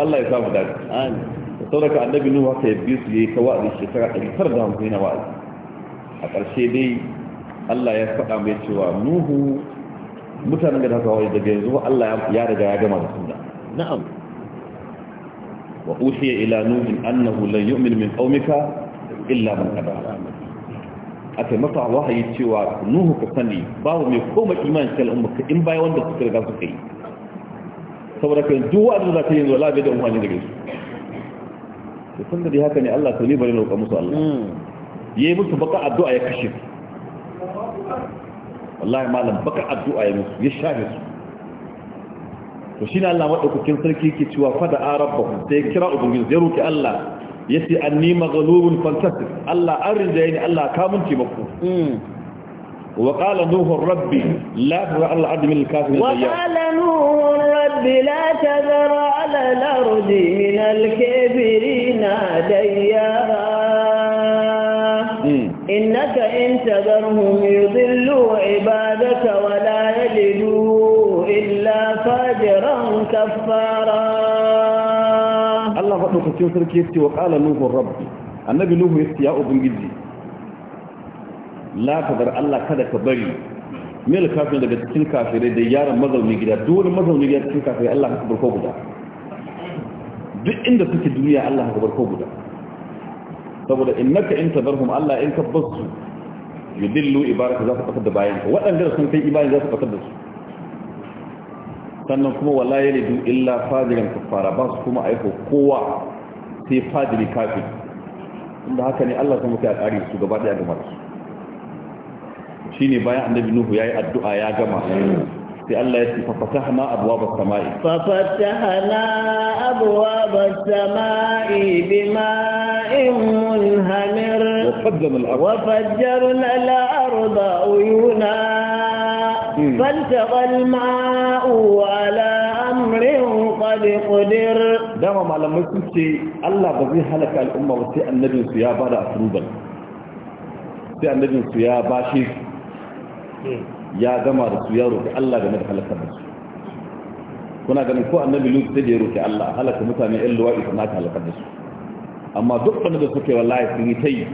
Allah ya samu dace sauraka annabi nuhu haka ya biyu su yayi ta wa'azi shekara ɗari tara da hamsin na wa'azi a ƙarshe dai Allah ya faɗa mai cewa nuhu mutanen da haka wani daga yanzu Allah ya riga ya gama da suna na'am wa uhiya ila nuhin annahu lan yu'min min qaumika illa man qad amana aka masa wahayi cewa nuhu ka sani babu mai koma imanin cikin al'umma in baya wanda suka riga suka yi saboda kan duk wa'azin za ta yi zuwa labe da umarni da gaisu da sun da haka ne Allah tuni bari na roƙa musu Allah hmm. ya yi musu baka addu'a ya kashe su wallahi malam baka addu'a ya musu ya shafe su to shi ne Allah maɗaukakin sarki ke cewa fada a rabba sai kira ubangiji ya roƙi Allah yace anni maghlubun fantasif Allah an rinjaye الله Allah في mun وقال نوح رب لا تذر على الأرض من الكافرين وقال
نوح رب لا تذر على الأرض من الكافرين ديارا إنك إن تذرهم يضلوا عبادك ولا يجدوا إلا فاجرا كفارا
Allah cikin sarki yace wa qala nuhu rabbi annabi nuhu ya ya ubangiji la ka bar Allah kada ka bari mil kafin daga cikin kafirai da yaran mazauni gida duk wani mazauni gida cikin kafirai Allah ka bar ko guda duk inda suke duniya Allah ka bar ko guda saboda innaka in tabarhum Allah in kabbasu yudillu ibaraka za ka fatar da bayan waɗanda sun kai imani za su fatar da su sannan kuma wala ya lidu illa fajirin kafara ba su kuma aiko kowa sai fadiri kafin inda haka ne Allah kuma kai alƙari su gaba da gama su ne bayan annabi nuhu ya yi addu'a ya gama sai Allah ya ce fa fatahna abwaba samai
fa fatahna abwaba samai bima'in munhamir wa fajjarna al wa fajjarna al uyuna فالتقى الماء على أمر قد
قدر دama malamai sun ce Allah ba zai halaka al'umma ba sai annabin su ya bada approval sai annabin ya bashi ya gama da su ya Allah da kuna ganin ko annabi lut sai da ya roƙi Allah halaka mutane ƴan luwa'i sun haka halakar da su amma duk wanda da suke wallahi sun yi ta yi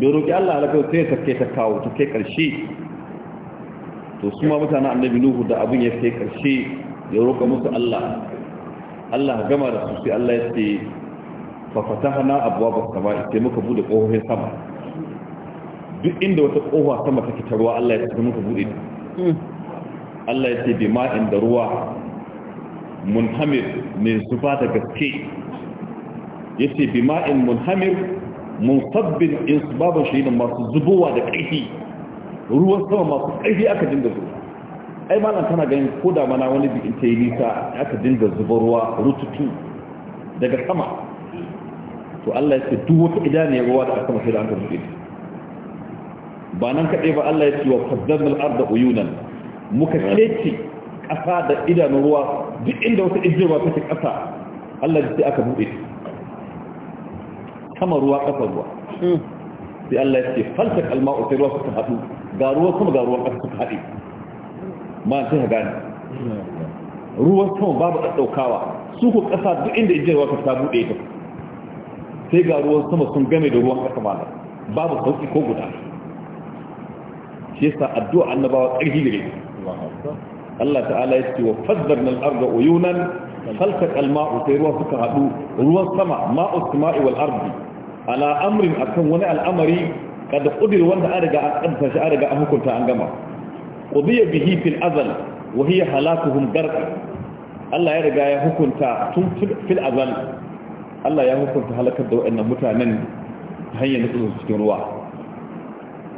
bai roƙi Allah halaka sai ya sake ta kawo ta kai ƙarshe to su ma mutanen annabi nuhu da abin ya kai karshe ya roƙa musu Allah Allah gama da su sai Allah ya ce fa fatahna abwaaba as-samaa'i sai muka bude kofofin sama duk inda wata kofa sama take ta ruwa Allah ya ce muka bude ta Allah ya ce bi ma'in da ruwa munhamir mai zuba da gaske yace bi ma ma'in munhamir munsabbin in sababa shaydan masu zubowa da ƙarfi ruwan sama masu ƙarfi aka dinga zuwa ai nan tana ganin ko da mana wani bikin ta yi nisa aka dinga zuba ruwa rututu daga sama to Allah ya ce duk wata idaniyar ruwa da aka mace da aka rufe ba nan kaɗai ba Allah ya ce wa faddarnal arda uyunan muka kece ƙasa da idanun ruwa duk inda wata ijirwa take ƙasa Allah ya ce aka buɗe sama ruwa ƙasa ruwa hmm. sai Allah ya ce falta kalma utai ruwa suka haɗu ga ruwan sama ga ruwan ƙasa suka haɗe ma sai ka gane ruwan sama babu ɗaɗɗaukawa su ku ƙasa duk inda injin wata ta buɗe ta sai ga ruwan sama sun game da ruwan ƙasa malam babu sauƙi ko guda shi yasa addu'a annabawa ƙarfi gare Allah ta'ala ya ce wa faddarna al-arda uyunan falsaka al-ma'u sai ruwa suka hadu ruwan sama ma'u sama'i wal ardi ala amrin akan wani al'amari kada kudir wanda an riga an kadsa an riga an hukunta an gama qudiya bihi fil azal wa hiya halakuhum garqa Allah ya riga ya hukunta tun fil azal Allah ya hukunta halakar da waɗannan mutanen ta hanyar nutsu cikin ruwa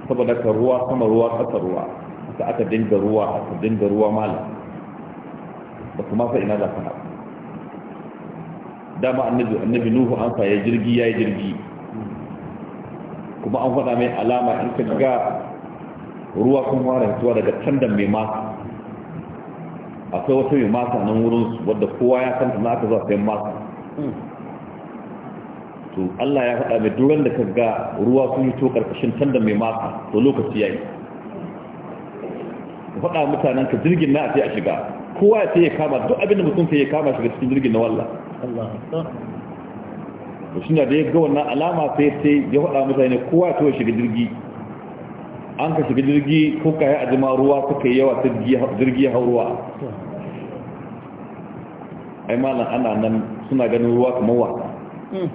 saboda ka ruwa sama ruwa ƙasa ruwa ta aka dinga ruwa aka dinga ruwa malam ba kuma fa ina za ka dama annabi annabi nuhu an sa ya jirgi ya yi jirgi kuma an faɗa mai alama in ka ga ruwa sun fara fitowa daga tandan mai masa akwai wata mai masa nan wurin wadda kowa ya san na aka zuwa sayan masa to Allah ya faɗa mai duran da ka ga ruwa sun fito karkashin tandan mai masa to lokaci ya yayi faɗa mutanen ka jirgin na a sai a shiga kowa ya sai ya kama duk abin da mutum sai ya kama shiga cikin jirgin na wallah to shi da ya ga wannan alama sai sai ya faɗa mutane kowa to shiga jirgi an ka shiga jirgi ko ka yi ajima ruwa suka yi yawa jirgi ya ruwa. ai nan ana nan suna ganin ruwa kamar wa hmm.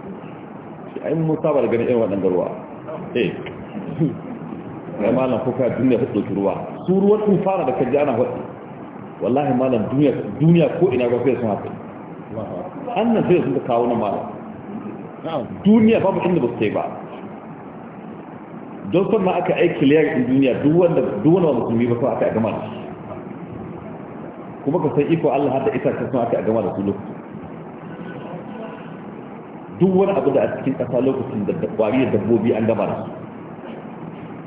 ai mun saba da ganin irin waɗanda ruwa eh hmm. ai malam ko ka duniya ta ɗauki ruwa su ruwan sun fara da kaji ana faɗi wallahi nan duniya ko ina ga sai sun haka annan sai sun ka kawo na malam duniya babu inda ba su yi ba don son ma aka aiki layar in duniya duk wanda ba musulmi ba su aka a gama da su, kuma ka san iko Allah da ita ta sun aka a gama da su lokacin duk wani abu da a cikin ƙasa lokacin da kwari da dabbobi an gama da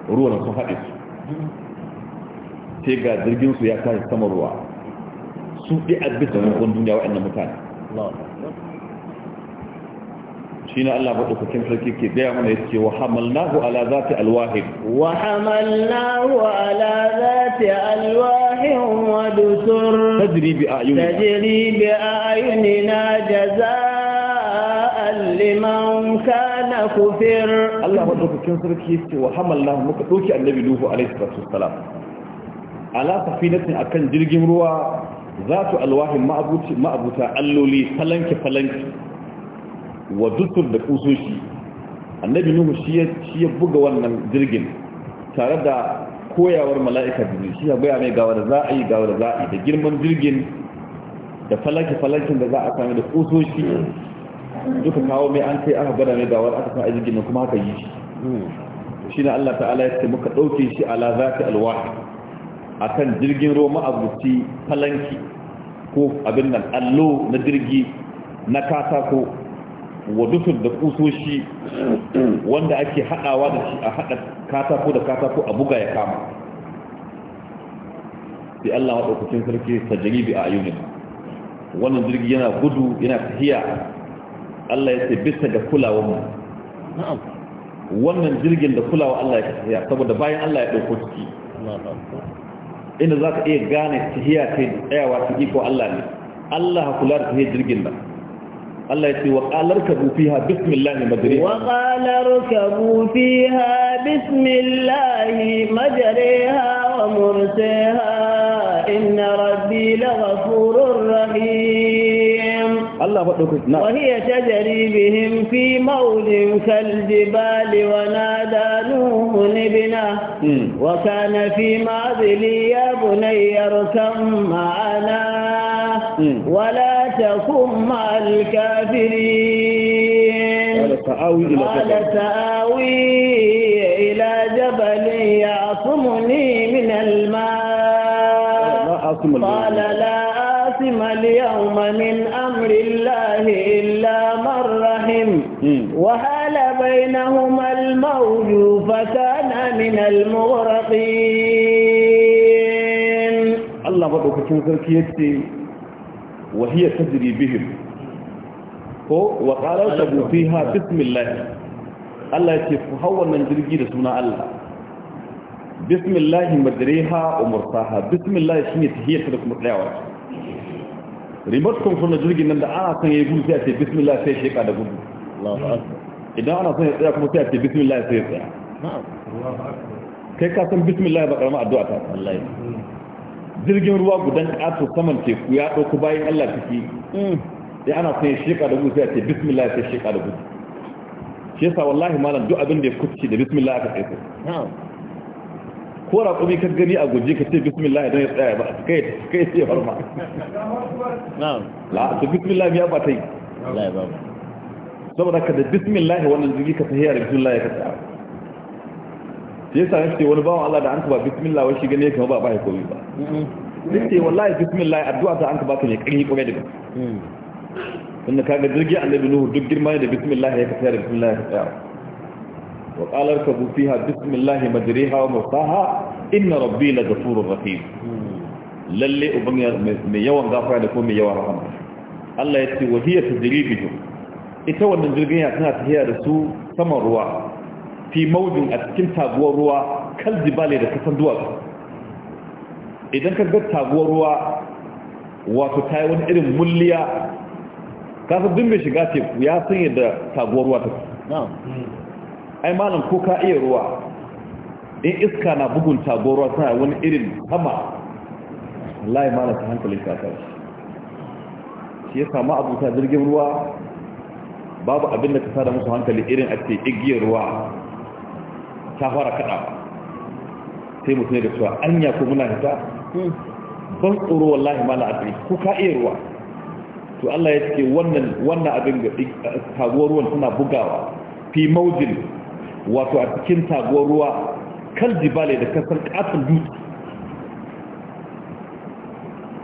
su ruwan sun haɗe su sai ga jirgin su ya tashi sama ruwa su ɗi abin da duniya na mutane shine Allah madaukakin sarki ke gaya mana ya ce, wa
hamalnahu ala za zati alwahid wa hamalnahu ala za zati alwahid wa dusur tajri bi ayunina tajri bi ayunina jazaa'an liman kana kufir Allah madaukakin
sarki yake wa hamalnahu muka doki annabi Nuhu alaihi salatu wassalam ala safinatin akan jirgin ruwa za zatu alwahin ma'abuta alloli falanki falanki wa duttur da kusoshi annabi nuhu shi ya buga wannan jirgin tare da koyawar mala'ikar jirgin shi ya baya mai gawar da za a yi gawar da za a yi da girman jirgin da falake-falaken da za a sami da kusoshi duka kawo mai an kai aka gada mai gawar aka san a jirgin kuma haka yi shi shi na allah ta'ala ya ce muka ɗauke shi ala za ta alwahi a kan jirgin ruwa ma'abuci falanki ko abin nan allo na jirgi na katako wa da kusoshi wanda ake haɗawa da shi a haɗa katako da katako a buga ya kama sai Allah maɗaukacin sarki ta a ayyunin wannan jirgi yana gudu yana tafiya Allah ya ce bisa ga kulawar mu wannan jirgin da kulawa Allah ya tafiya saboda bayan Allah ya ɗauko ciki inda za ka iya gane tafiya ce tsayawa ciki ko Allah ne Allah kula da tafiya jirgin nan الله يتي وقال اركبوا فيها بسم الله مجريها
وقال اركبوا فيها بسم الله مجريها ومرسيها إن ربي لغفور رحيم
الله فأدوك نعم وهي
تجري بهم في موج كالجبال ونادى نوح ابنه وكان في معذلي يا بني اركب معنا ولا تكن مع الكافرين قال سآوي إلى جبل يعصمني من الماء قال لا آثم اليوم من أمر الله إلا من رحم وحال بينهما الموج فكان من المغرقين
الله بدك يا كيتي وهي تجري بهم ko wa qalu tabu fiha bismillah Allah yake ku hawa nan jirgi da suna Allah bismillah madriha wa mursaha bismillah shine tahiyatu da kuma tsayawa remote control na jirgin nan da ana san yayi gudu sai ce bismillah sai da gudu idan ana san ya tsaya kuma sai ce bismillah kai ka san bismillah ba karamar addu'a ta wallahi jirgin ruwa gudan ƙato saman teku ya ɗauko bayan Allah ciki mm. sai ana son ya sheka da gudu sai a ce bismillah sai sheka da gudu shi yasa wallahi malam duk abin da ya kucce da bismillah aka tsaye ko raƙumi ka gani a guje ka ce bismillah idan ya tsaya ba kai kai sai farma na'am la to bismillah ya ba tai wallahi saboda ka da bismillah wannan jirgi ka sahiya da bismillah ya ka tsaya ya sami ce wani bawan Allah da an ba bismillah wai shi gane kama ba ba ya koyi ba duk ce wallahi bismillah addu'a ta an ka baka ne ƙarfi ƙwarai da ba tunda kaga jirgin annabi nuhu duk girma da bismillah ya ka da bismillah ya ka wa qalar ka bu fiha bismillah madriha wa mustaha inna rabbi la ghafurur rahim lalle ubangiji mai yawan gafara da kuma mai yawan rahama Allah ya ce wa hiya tadribu ita wannan jirgin ya tana tafiya da su saman ruwa fi maujin a cikin taguwar ruwa jibale da kasan duwatsu idan ka ga taguwar ruwa wato ta yi wani irin mulliya kasar dun mai shiga teku ya sanya da taguwar ruwa ta ai malam ko ka iya ruwa in iska na bugun taguwar ruwa suna wani irin sama wallahi malam ta hankali kakar shi ya samu abuta jirgin ruwa babu abin da ka sa da musu hankali irin a ce igiyar ruwa ta fara kaɗa sai mutum da cewa anya ko muna hita hmm, ban tsoro wallahi ma na adiri ko ka iya ruwa to Allah ya ce wannan wannan abin ga taguwar ruwan tana bugawa fi maujin wato a cikin taguwar ruwa kal jibale da kasar katin dutse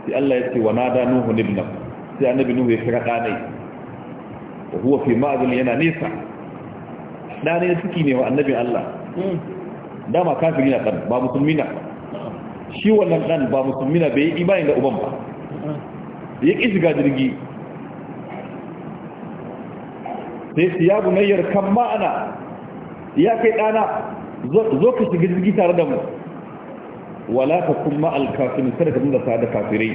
sai Allah ya ce wa nada nuhu nibna sai annabi nuhu ya kira ɗanai wa huwa fi ma'azin yana nesa ɗanai da suke ne wa annabi Allah Hmm. dama kafiri na kan ba musulmi na shi wannan dan ba musulmi na bai yi imani da uban ba ya ƙi shiga jirgi sai su ya bunayyar kan ma'ana ya kai ɗana zo ka shiga jirgi tare da mu wala ka kuma alkafin sarka dinga sa da kafirai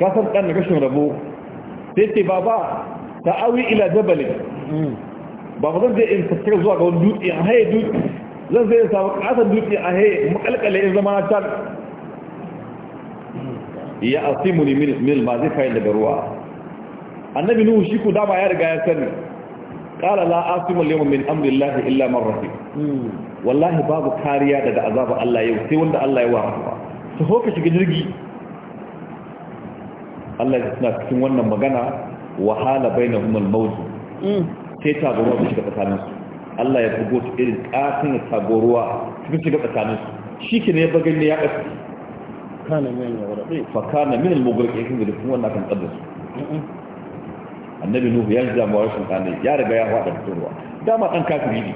kasar ɗan na kashin rabo sai ce baba ta awi ila jabalin hmm. ba fa zan je in fuskar zuwa ga wani dutse a haye dutse zan zai sa ƙasar dutse a haye makalkale in zama na can ya asimu ne mil ma zai kayan daga ruwa annabi nuhu shi ku dama ya riga ya sani qala la asimu al min amri illa man rahim wallahi babu kariya daga azabar Allah yau sai wanda Allah ya wa rahama su hoka shiga jirgi Allah ya suna cikin wannan magana wahala bai na al-mawt mm. sai tagoruwa ta shiga tsakaninsu Allah ya bugo ta irin ƙasin ya su ta shiga tsakaninsu shi ke ne ya bagan ne ya ƙasa kana min al ɗaya, fa na min al-mughraqi da kuma wannan kan su, annabi nuhu ya ji damuwar rashin kane ya riga ya hada ruwa dama dan kafiri ne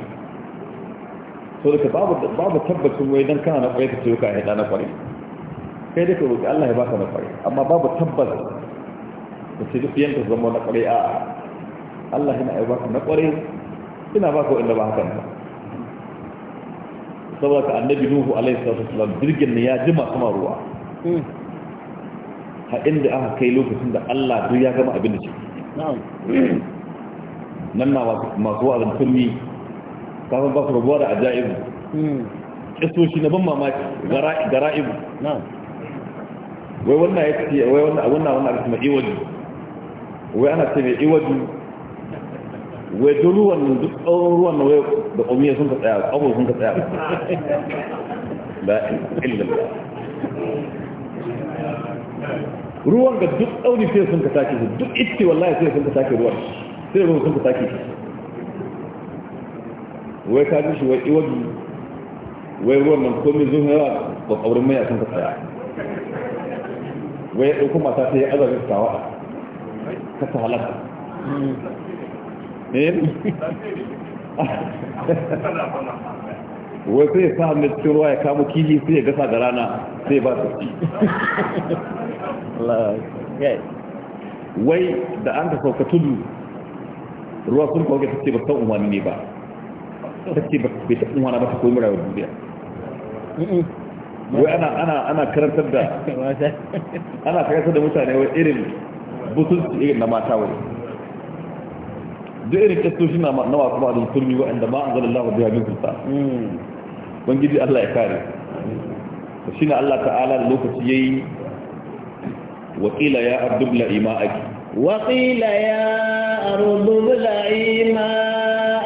so da babu babu tabbacin wai dan kana na ƙwai ka ce ka hada na kwaye kai da ka roki Allah ya baka na kwaye amma babu tabbas ka ce duk yanka zama na kwaye a Allah yana ai baka na kware ina baka wanda ba hakan ba saboda ka annabi nuhu alaihi salatu wasallam jirgin ne ya jima sama ruwa ha inda aka kai lokacin da Allah duk ya gama abin da shi nan na masu wa'azin kulmi kafin ba su rabuwa da ajaibu kisoshi na ban mamaki gara'ibu wai wannan ya ce wai wannan wannan wannan aka kuma iwaju wai ana ce mai iwaju wai duk ruwan nan duk tsawon ruwan nan wai da omiya sun ka tsaya abu sun ka tsaya la illallah ruwan ga duk tsauni sai sun ka take su duk itti wallahi sai sun ka take ruwan sai ruwan sun ka take shi wai ka ji shi wai iwaji wai ruwan nan komai zuwa yawa ba kaurin mai sun ka tsaya wai ya ɗauko mata sai ya azabin tawa ka ta halaka Eh? wai sai sa hannun ruwa ya kamo kiji sai ya gasa da rana sai ba su ci wai da an ka sauka tudu ruwa sun kawo ta ce ba san umarni ne ba ta ce ba ta umarna ba ta koyi murawar duniya wai ana karantar da (laughs) ana karantar da mutane wai irin butun irin na mata wai duk irin kastoshi na masu ba da turmi wa inda ma an zala Allah biya min sulta ubangiji Allah ya kare shi na Allah ta'ala da lokaci yayi wakila ya abdul la'ima
aki wakila ya abdul la'ima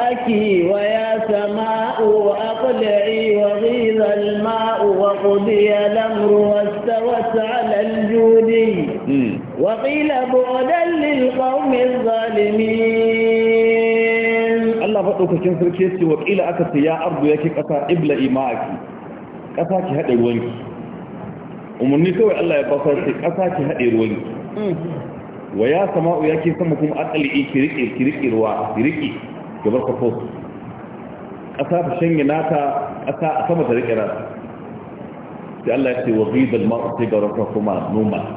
aki wa ya sama'u aqli'i wa ghidha al-ma'u wa qudiya al-amru wastawat 'ala al-judi وقيل بعدا للقوم zalimin. Allah maɗaukakin
sarki ce wa ƙila aka ce ya ardu yake ƙasa ibla ima'aki ƙasa ki haɗe ruwanki umarni kawai Allah ya ce ƙasa ki haɗe ruwanki wa ya sama'u ya ke sama kuma aƙali ki riƙe ki riƙe ruwa ki riƙe ki bar ƙasa ta shanye nata ƙasa a sama ta riƙe sai Allah ya ce wa ma'u sai ga rafa kuma noma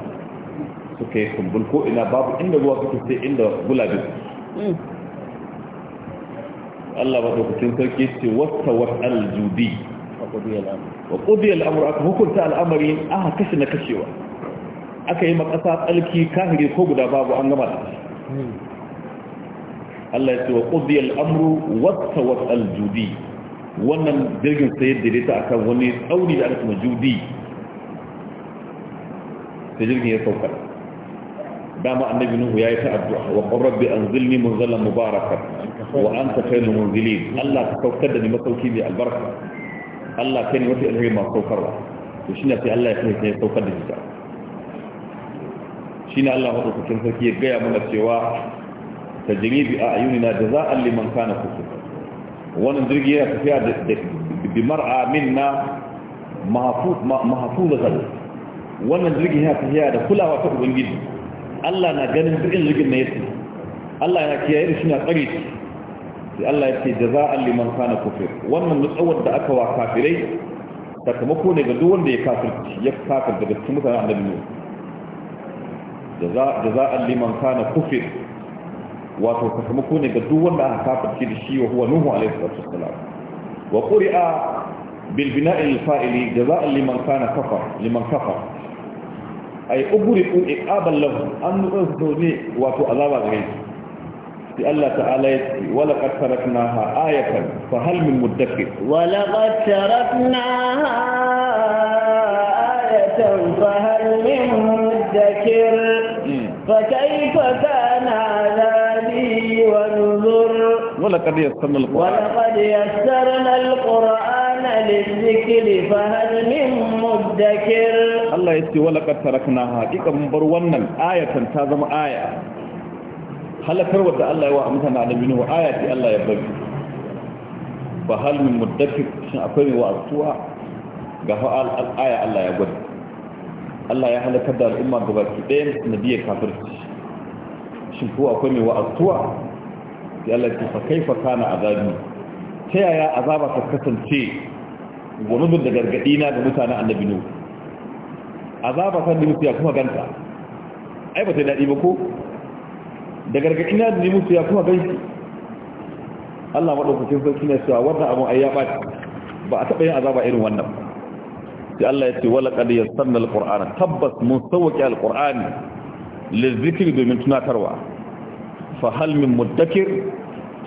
suka yi kumbul ko ina babu inda ruwa suke sai inda Allah ba dokokin sarki ce wata wata aljudi wa kudi al'amur aka hukunta al'amari aka kashe na kashewa aka yi makasa tsalki kahiri ko guda babu an gama da hmm. Allah ya ce wa kudi al'amuru wata wata aljudi wannan jirgin sayar da daidaita akan wani tsauni da aka kuma judi sai jirgin ya sauka dama annabi nuhu yayi ta addu'a wa qur rabbi anzilni munzalan mubarakan wa anta khayrul munzilin Allah ka saukar da ni masauki mai albarka Allah kai ne wata alheri ma saukarwa to shine sai Allah ya kai ya saukar da shi shine Allah madaukakin sarki ya gaya mana cewa tajribi a ayunina jaza'an liman kana kufur wannan jirgi yana tafiya da bimar'a minna mahafuz mahafuzatan wannan jirgi yana tafiya da kulawa ta ubangiji Allah na ganin duk zugin na yake Allah ya kiyaye da suna tsare shi sai Allah ya ce jaza'an liman kana kufir wannan nutsawar da aka wa kafirai sakamako ne ga duk wanda ya kafirci ya kafir daga cikin mutanen annabi ne jaza'an liman kana kufir wato sakamako ne ga duk wanda aka kafirci da shi wa huwa nuhu alaihi wasallam wa quri'a bil bina'i al fa'ili jaza'an liman kana kafar liman kafar ay uburiku iqaban lahu an nutsu ne wato azaba gare su sai Allah ta'ala ya ce wala qad taraknaha
ayatan fa hal min mudakkir wala qad taraknaha ayatan fa hal min mudakkir fa kayfa kana عذابي ونذر
ولقد يسرنا القرآن ولقد يسرنا القرآن للذكر فهل من مدكر الله يستي ولقد تركناها ديكا من بر wannan ayatan ta zama aya halakar wanda Allah ya wa mutane annabinu ayati Allah ya bari fa hal min akwai mai wa'azuwa ga al'aya Allah ya gwada Allah ya halakar da al'umma gaba ki ɗaya nabiya kafirci shin ko akwai mai wa'azuwa ya Allah fa kai fa kana azabi ta yaya azaba ta kasance gunubin da gargadi na ga mutanen annabi nu azaba san da musu ya kuma ganta ai ba ta daɗi ba ko da gargadi na da musu ya kuma ganki Allah maɗaukacin sarki na cewa wannan abun ai ya ɓaci ba a taɓa yin azaba irin wannan sai Allah ya ce wala qad yassanna alqur'ana tabbas mun sawwaki alqur'ani lizikri domin tunatarwa fa hal min muddakir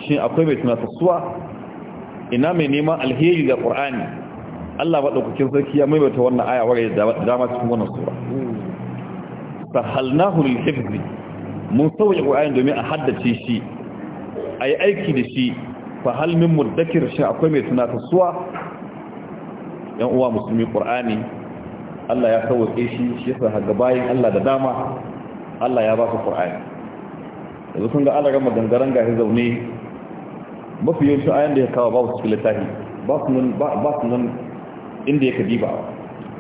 shi akwai mai tunatarwa ina mai neman alheri da qur'ani Allah daukakin sarki ya maimaita wannan aya ware da dama cikin wannan sura sahalnahu lil hifzi mun sauya Qur'ani domin a haddace shi ay aiki da shi fa hal min mudakkir shi akwai mai suwa yan uwa musulmi Qur'ani Allah ya sauke shi shi yasa ga bayin Allah da dama Allah ya ba su Qur'ani yanzu kun ga Allah ga madangaran ga zaune mafi yawancin ayan da ya kawo babu cikin littafi ba su nan inda yake diba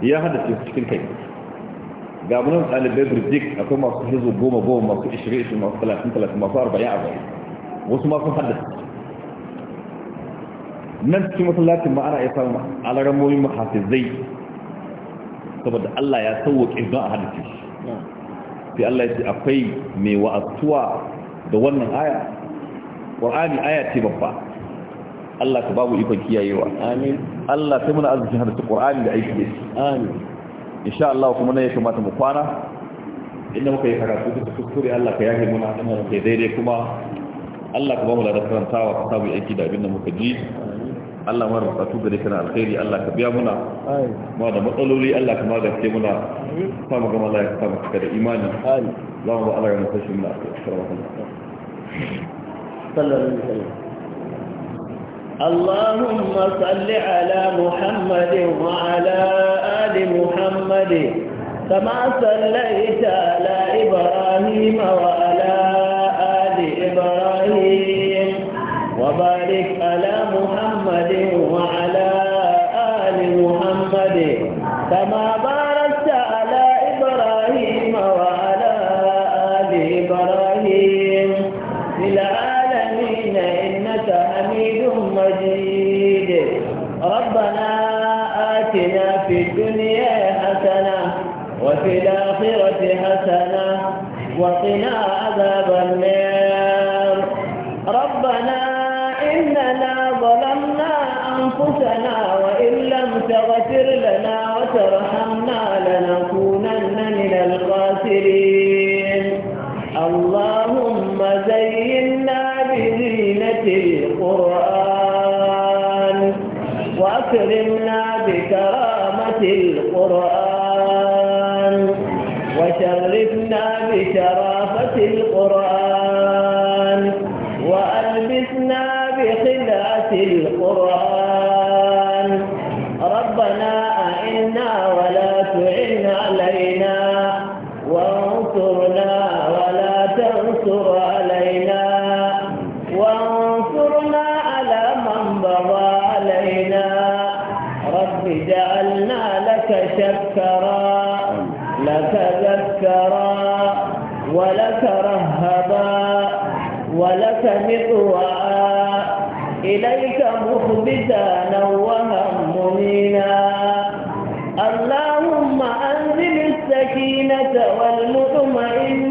ya haddace cikin kai ga munan ɗalibai birjik akwai masu hizo goma goma masu ishirin ishirin masu talatin talatin masu arba'in arba'in wasu masu haddace nan cikin masallacin ma ana iya samun alarammomin mahafizai saboda Allah ya sauwaƙe don a haddace shi sai Allah ya ce akwai mai wa'azuwa da wannan aya ƙwar'ani aya ce babba Allah ka babu ikon kiyayewa amin Allah sai muna arzikin hadisi Qur'ani da aiki da amin insha Allah kuma ne ya kamata mu kwana inda muka yi karatu duka kuskure Allah ka yafe muna inda muka daidai kuma Allah ka babu da karantawa ka samu aiki da abin da muka ji Allah ma rubutu gare ka na alkhairi Allah ka biya muna ma da matsaloli Allah ka magance muna sa mu gama lafiya sa mu cika da imani Amin. mu ba Allah ya mutashin na sallallahu alaihi wasallam
اللهم صل على محمد وعلى آل محمد كما صليت على إبراهيم وعلى آل إبراهيم وبارك على محمد وعلى آل محمد كما بحسنة وقنا عذاب النار ربنا إننا ظلمنا أنفسنا وإن لم تغفر لنا وترحمنا لنكونن من الخاسرين اللهم زينا بزينة القرآن وأكرمنا تشكرا لك ذكرا ولك رهبا ولك مطوعا إليك مخبتا نوها منينا اللهم أنزل السكينة والمطمئنة